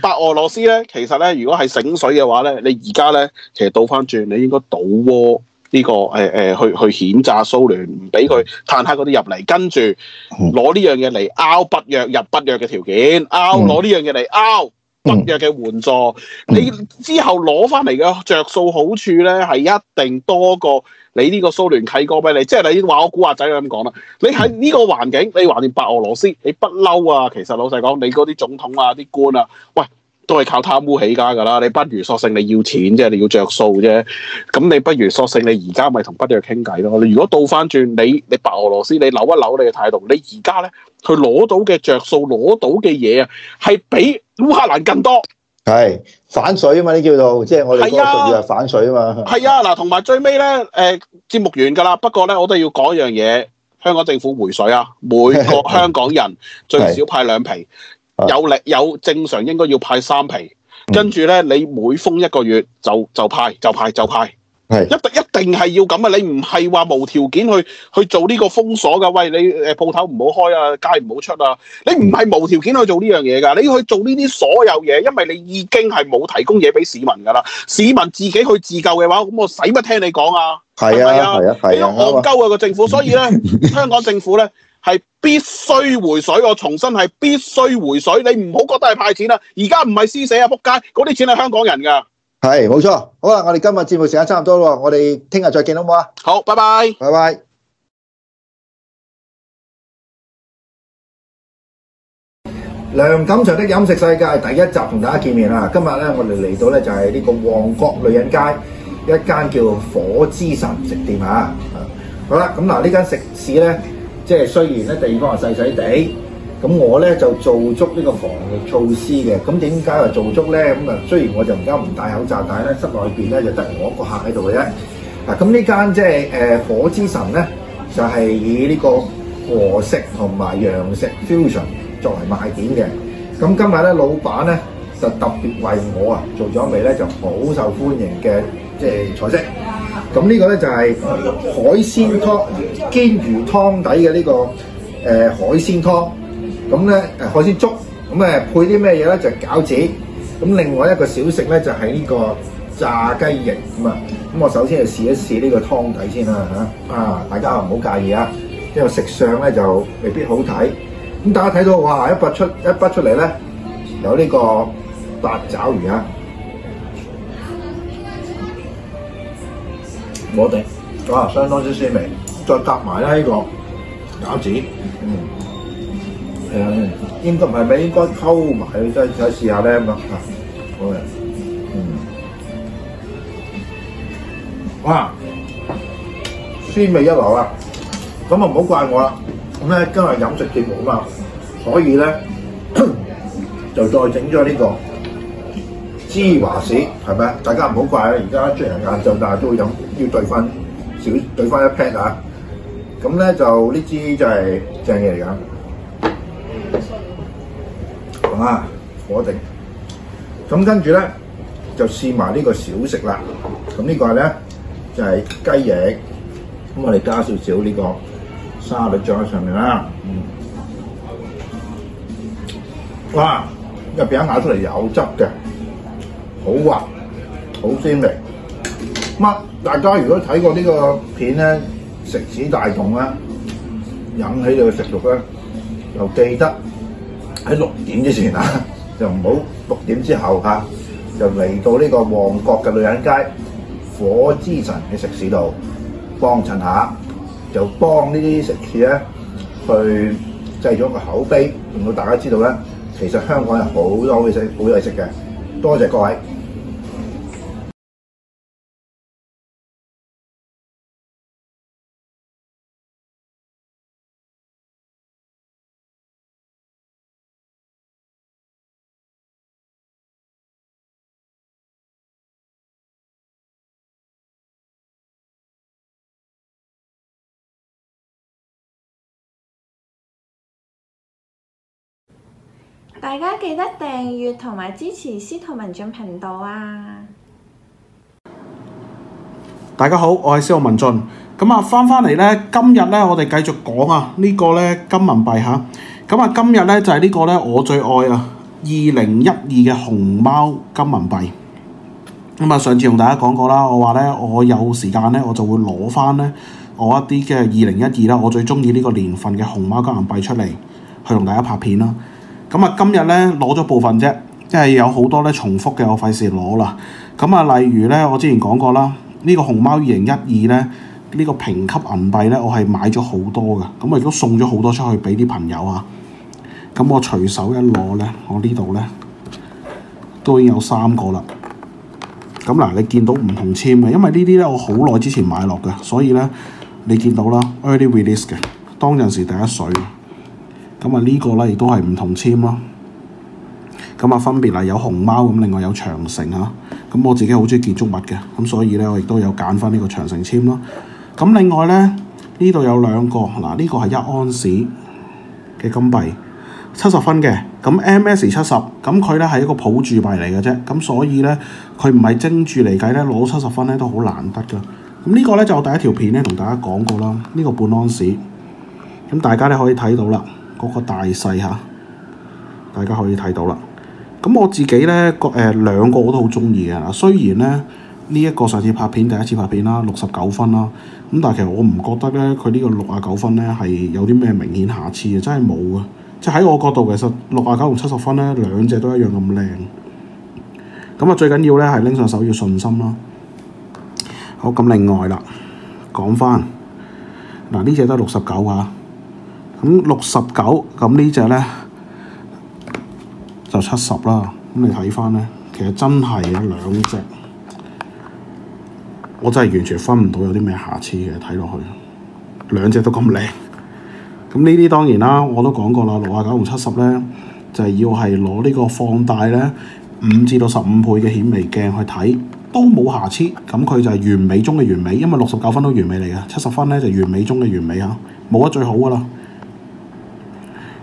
白俄羅斯咧，其實咧，如果係醒水嘅話咧，你而家咧，其實倒翻轉，你應該倒窩。呢、這個誒誒、呃、去去譴責蘇聯，唔俾佢坦克嗰啲入嚟，跟住攞呢樣嘢嚟拗北約入北約嘅條件，拗攞呢樣嘢嚟拗北約嘅援助，嗯、你之後攞翻嚟嘅着數好處咧，係一定多過你呢個蘇聯契哥俾你，即係你話我估下仔咁講啦，你喺呢個環境，你橫掂白俄羅斯，你不嬲啊，其實老實講你嗰啲總統啊、啲官啊，喂。都係靠貪污起家噶啦，你不如索性你要錢啫，你要着數啫，咁你不如索性你而家咪同筆嘢傾偈咯。你如果倒翻轉，你你白俄羅斯，你扭一扭你嘅態度，你而家咧，佢攞到嘅着數，攞到嘅嘢啊，係比烏克蘭更多，係反水啊嘛，你叫做即係、就是、我哋個術語係反水啊嘛。係啊，嗱、啊，同埋最尾咧，誒、呃、節目完噶啦，不過咧，我都要講一樣嘢，香港政府回水啊，每個香港人 是最少派兩皮。有力有正常應該要派三皮，跟住咧，你每封一個月就就派就派就派，係是的 一定一定係要咁啊！你唔係話無條件去去做呢個封鎖噶，喂，你誒鋪頭唔好開啊，街唔好出啊！你唔係無條件去做呢樣嘢噶，你要去做呢啲所有嘢，因為你已經係冇提供嘢俾市民噶啦，市民自己去自救嘅話，咁我使乜聽你講啊？係啊係啊係啊，你呀、啊。戇鳩啊，啊，啊個政府，所以咧，香港政府咧。 係必須回水，我重新係必須回水，你唔好覺得係派錢啦。而家唔係私死啊，仆街！嗰啲錢係香港人噶，係冇錯。好啦，我哋今日節目時間差唔多咯，我哋聽日再見，好唔好啊？好，拜拜，拜拜。梁錦祥的飲食世界第一集同大家見面啦。今日咧，我哋嚟到咧就係、是、呢個旺角女人街一間叫火之神食店啊，啊。好啦，咁、嗯、嗱呢間食肆咧。即係雖然咧，地方係細細地，咁我咧就做足呢個防疫措施嘅。咁點解又做足咧？咁啊，雖然我就而家唔戴口罩，但係咧室內邊咧就得我一個客喺度嘅啫。嗱，咁呢間即係誒火之神咧，就係以呢個和食同埋洋食 fusion 作為賣點嘅。咁今日咧，老闆咧就特別為我啊做咗一味咧，就好受歡迎嘅。即係菜式，咁、這個呃、呢個咧就係海鮮湯，鰻魚湯底嘅呢個誒海鮮湯，咁咧誒海鮮粥，咁誒配啲咩嘢咧？就係、是、餃子，咁另外一個小食咧就係、是、呢個炸雞翼咁啊！咁我首先就試一試呢個湯底先啦、啊、嚇，啊大家唔好介意啊，因為食相咧就未必好睇，咁大家睇到哇一筆出一筆出嚟咧，有呢個八爪魚啊！我哋相當之鮮味，再夾埋這呢個餃子，嗯，係啊的，應該唔係咩，應該溝埋，再試下呢。咁啊，好嘅，嗯，哇，鮮味一流啊，咁啊唔好怪我啦，今日飲食節目啊嘛，所以呢，就再整咗呢個。芝華士係咪大家唔好怪啊！而家出嚟晏晝，但係都會飲，要對翻少對翻一 pat 啊！咁咧就呢支就係正嘢嚟緊。哇、啊！火定。咁跟住咧就試埋呢個小食啦。咁呢個咧就係、是、雞翼。咁我哋加少少呢個沙律醬喺上面啦。嗯。哇、啊！入面咬出嚟有汁嘅。好滑，好鮮味。咁大家如果睇過呢個片咧，食肆大同咧，引起你嘅食慾咧，就記得喺六點之前啊，就唔好六點之後嚇，就嚟到呢個旺角嘅女人街，火之神喺食肆度幫襯下，就幫呢啲食肆咧去製咗個口碑，令到大家知道咧，其實香港有好多好嘢食，好嘢食嘅。多謝各位。大家記得訂閱同埋支持司徒文進頻道啊！大家好，我係司徒文進咁啊，翻翻嚟呢，今日呢，我哋繼續講啊呢、這個呢，金銀幣吓咁啊。今日呢，就係、是、呢個呢，我最愛啊二零一二嘅熊貓金銀幣咁啊。上次同大家講過啦，我話呢，我有時間呢，我就會攞翻呢，我一啲嘅二零一二啦，我最中意呢個年份嘅熊貓金銀幣出嚟，去同大家拍片啦。咁啊，今日咧攞咗部分啫，因為有好多咧重複嘅，我費事攞啦。咁啊，例如咧，我之前講過啦，呢、這個熊貓二零一二咧，呢個評級銀幣咧，我係買咗好多嘅，咁啊，亦都送咗好多出去俾啲朋友啊。咁我隨手一攞咧，我這裡呢度咧都已經有三個啦。咁嗱，你見到唔同簽嘅，因為呢啲咧我好耐之前買落嘅，所以咧你見到啦，early release 嘅，當陣時第一水。咁啊，呢個咧亦都係唔同簽咯。咁啊，分別啊有熊貓咁，另外有長城嚇。咁我自己好中意建築物嘅，咁所以咧我亦都有揀翻呢個長城簽咯。咁另外咧呢度有兩個嗱，呢個係一安士嘅金幣，七十分嘅。咁 M S 七十，咁佢咧係一個普住幣嚟嘅啫。咁所以咧佢唔係精住嚟計咧，攞七十分咧都好難得㗎。咁呢個咧就我第一條片咧同大家講過啦，呢個半安士。咁大家咧可以睇到啦。嗰個大細嚇，大家可以睇到啦。咁我自己咧，個誒兩個我都好中意嘅。嗱，雖然咧呢一個上次拍片，第一次拍片啦，六十九分啦。咁但係其實我唔覺得咧，佢呢個六啊九分咧係有啲咩明顯瑕疵嘅，真係冇嘅。即係喺我角度，其實六啊九同七十分咧，兩隻都一樣咁靚。咁啊，最緊要咧係拎上手要信心啦。好，咁另外啦，講翻嗱，呢隻都係六十九啊。咁六十九，咁呢隻呢，就七十啦。咁你睇翻呢，其實真係有兩隻，我真係完全分唔到有啲咩瑕疵嘅。睇落去兩隻都咁靚，咁呢啲當然啦，我都講過啦，六啊九同七十呢，就係要係攞呢個放大呢，五至到十五倍嘅顯微鏡去睇，都冇瑕疵。咁佢就係完美中嘅完美，因為六十九分都完美嚟嘅，七十分呢，就完美中嘅完美嚇，冇得最好噶啦。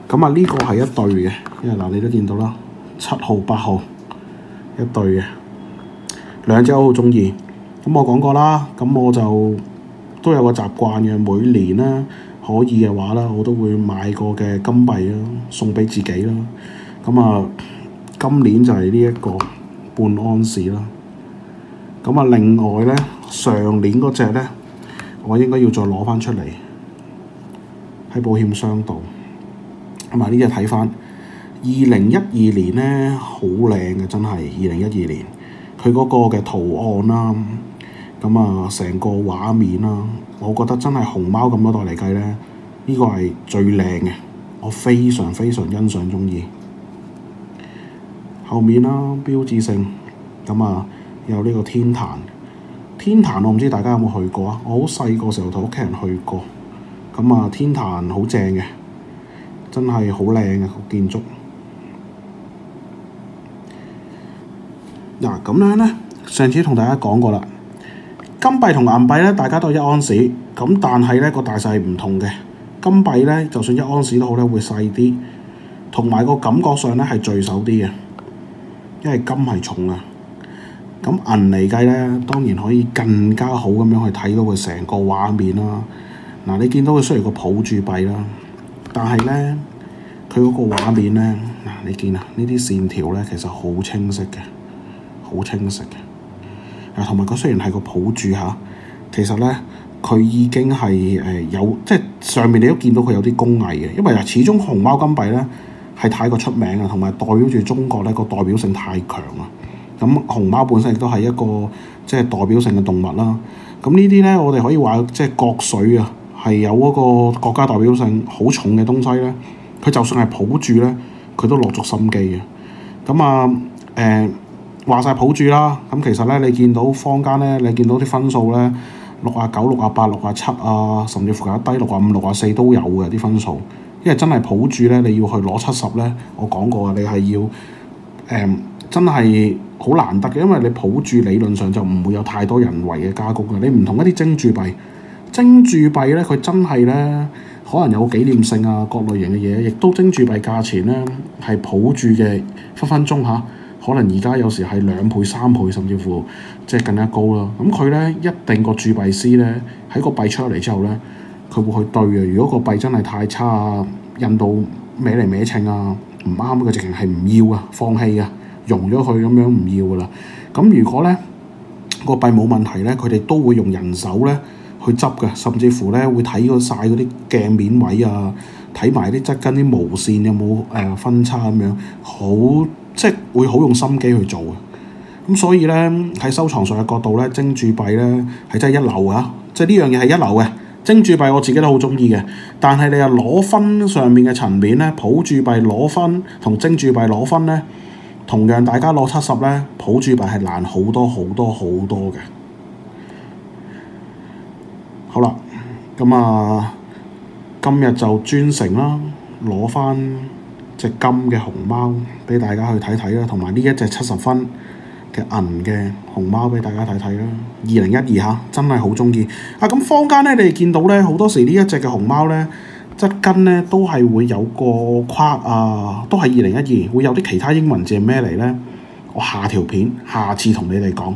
咁啊，呢個係一對嘅，因為嗱，你都見到啦，七號八號一對嘅，兩隻我都好中意。咁我講過啦，咁我就都有個習慣嘅，每年咧可以嘅話咧，我都會買過嘅金幣啊，送俾自己啦。咁啊，今年就係呢一個半安士啦。咁啊，另外咧，上年嗰隻咧，我應該要再攞翻出嚟喺保險箱度。同呢隻睇翻，二零一二年咧好靚嘅真係，二零一二年佢嗰個嘅圖案啦，咁啊成個畫面啦，我覺得真係熊貓咁多代嚟計咧，呢個係最靚嘅，我非常非常欣賞中意。後面啦標誌性，咁啊有呢個天壇，天壇我唔知大家有冇去過啊？我好細個時候同屋企人去過，咁啊天壇好正嘅。真係好靚呀，個建築。嗱咁樣咧，上次同大家講過啦，金幣同銀幣咧，大家都係一安士咁，但係咧個大細唔同嘅。金幣咧，就算一安士都好咧，會細啲，同埋個感覺上咧係聚手啲嘅，因為金係重啊。咁銀嚟計咧，當然可以更加好咁樣去睇到佢成個畫面啦。嗱，你見到佢雖然個抱住幣啦。但係咧，佢嗰個畫面咧，嗱你見啊，呢啲線條咧，其實好清晰嘅，好清晰嘅。啊，同埋佢雖然係個抱住嚇，其實咧佢已經係誒有即係上面你都見到佢有啲工藝嘅，因為啊始終熊貓金幣咧係太過出名啊，同埋代表住中國咧，個代表性太強啊。咁熊貓本身亦都係一個即係代表性嘅動物啦。咁呢啲咧，我哋可以話即係國粹啊。係有嗰個國家代表性好重嘅東西咧，佢就算係抱住咧，佢都落足心機嘅。咁啊，誒話晒抱住啦。咁其實咧，你見到坊間咧，你見到啲分數咧，六啊九、六啊八、六啊七啊，甚至乎有低六啊五、六啊四都有嘅啲分數。因為真係抱住咧，你要去攞七十咧，我講過呀，你係要誒、嗯、真係好難得嘅，因為你抱住理論上就唔會有太多人為嘅加工嘅。你唔同一啲精鑄幣。精鑄幣咧，佢真係咧，可能有紀念性啊，各類型嘅嘢，亦都精鑄幣價錢咧係抱住嘅分分鐘嚇啊。可能而家有時係兩倍、三倍，甚至乎即係更加高啦。咁佢咧一定個鑄幣師咧喺個幣出嚟之後咧，佢會去對啊。如果個幣真係太差啊，印度歪嚟歪稱啊，唔啱嘅直情係唔要啊，放棄啊，融咗佢咁樣唔要噶啦。咁如果咧個幣冇問題咧，佢哋都會用人手咧。佢執嘅，甚至乎咧會睇嗰晒嗰啲鏡面位啊，睇埋啲側跟啲毛線有冇誒、呃、分叉咁樣，好即係會好用心機去做嘅。咁所以咧喺收藏上嘅角度咧，精鑄幣咧係真係一流啊！即係呢樣嘢係一流嘅，精鑄幣我自己都好中意嘅。但係你又攞分上面嘅層面咧，普鑄幣攞分同精鑄幣攞分咧，同樣大家攞七十咧，普鑄幣係難好多好多好多嘅。好啦，咁啊，今日就專程啦，攞翻隻金嘅熊貓俾大家去睇睇啦，同埋呢一隻七十分嘅銀嘅熊貓俾大家睇睇啦。二零一二嚇，真係好中意啊！咁坊間咧，你哋見到咧，好多時呢一隻嘅熊貓咧，質根咧都係會有個框啊，都係二零一二，會有啲其他英文字係咩嚟咧？我下條片下次同你哋講，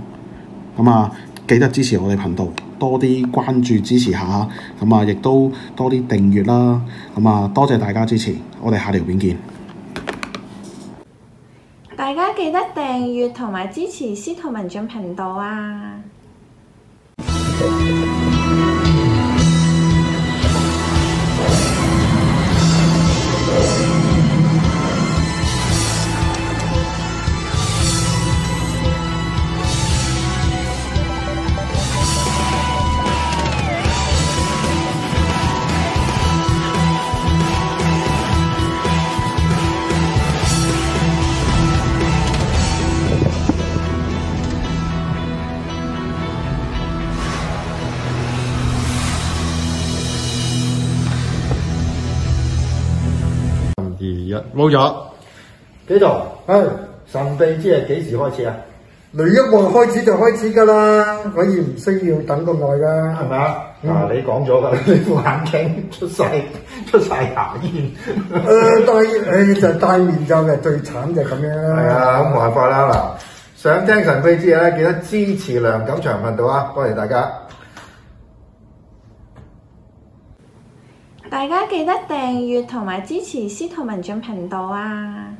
咁啊，記得支持我哋頻道。多啲關注支持下，咁啊亦都多啲訂閱啦，咁啊多謝大家支持，我哋下條片見。大家記得訂閱同埋支持司徒文進頻道啊！冇咗，幾多？唉督，是神秘之夜幾時開始啊？雷一望開始就開始㗎啦，我而唔需要等咁耐㗎，係咪、嗯、啊？你講咗㗎，你副眼鏡出晒出晒牙煙，誒、呃，戴誒、 呃哎、就戴、是、面罩嘅，最慘就咁樣。係係啊，咁冇、嗯、辦法啦嗱，想聽神秘之夜咧，記得支持梁錦祥頻道啊，多謝大家。大家記得訂閱同埋支持司徒文進頻道啊！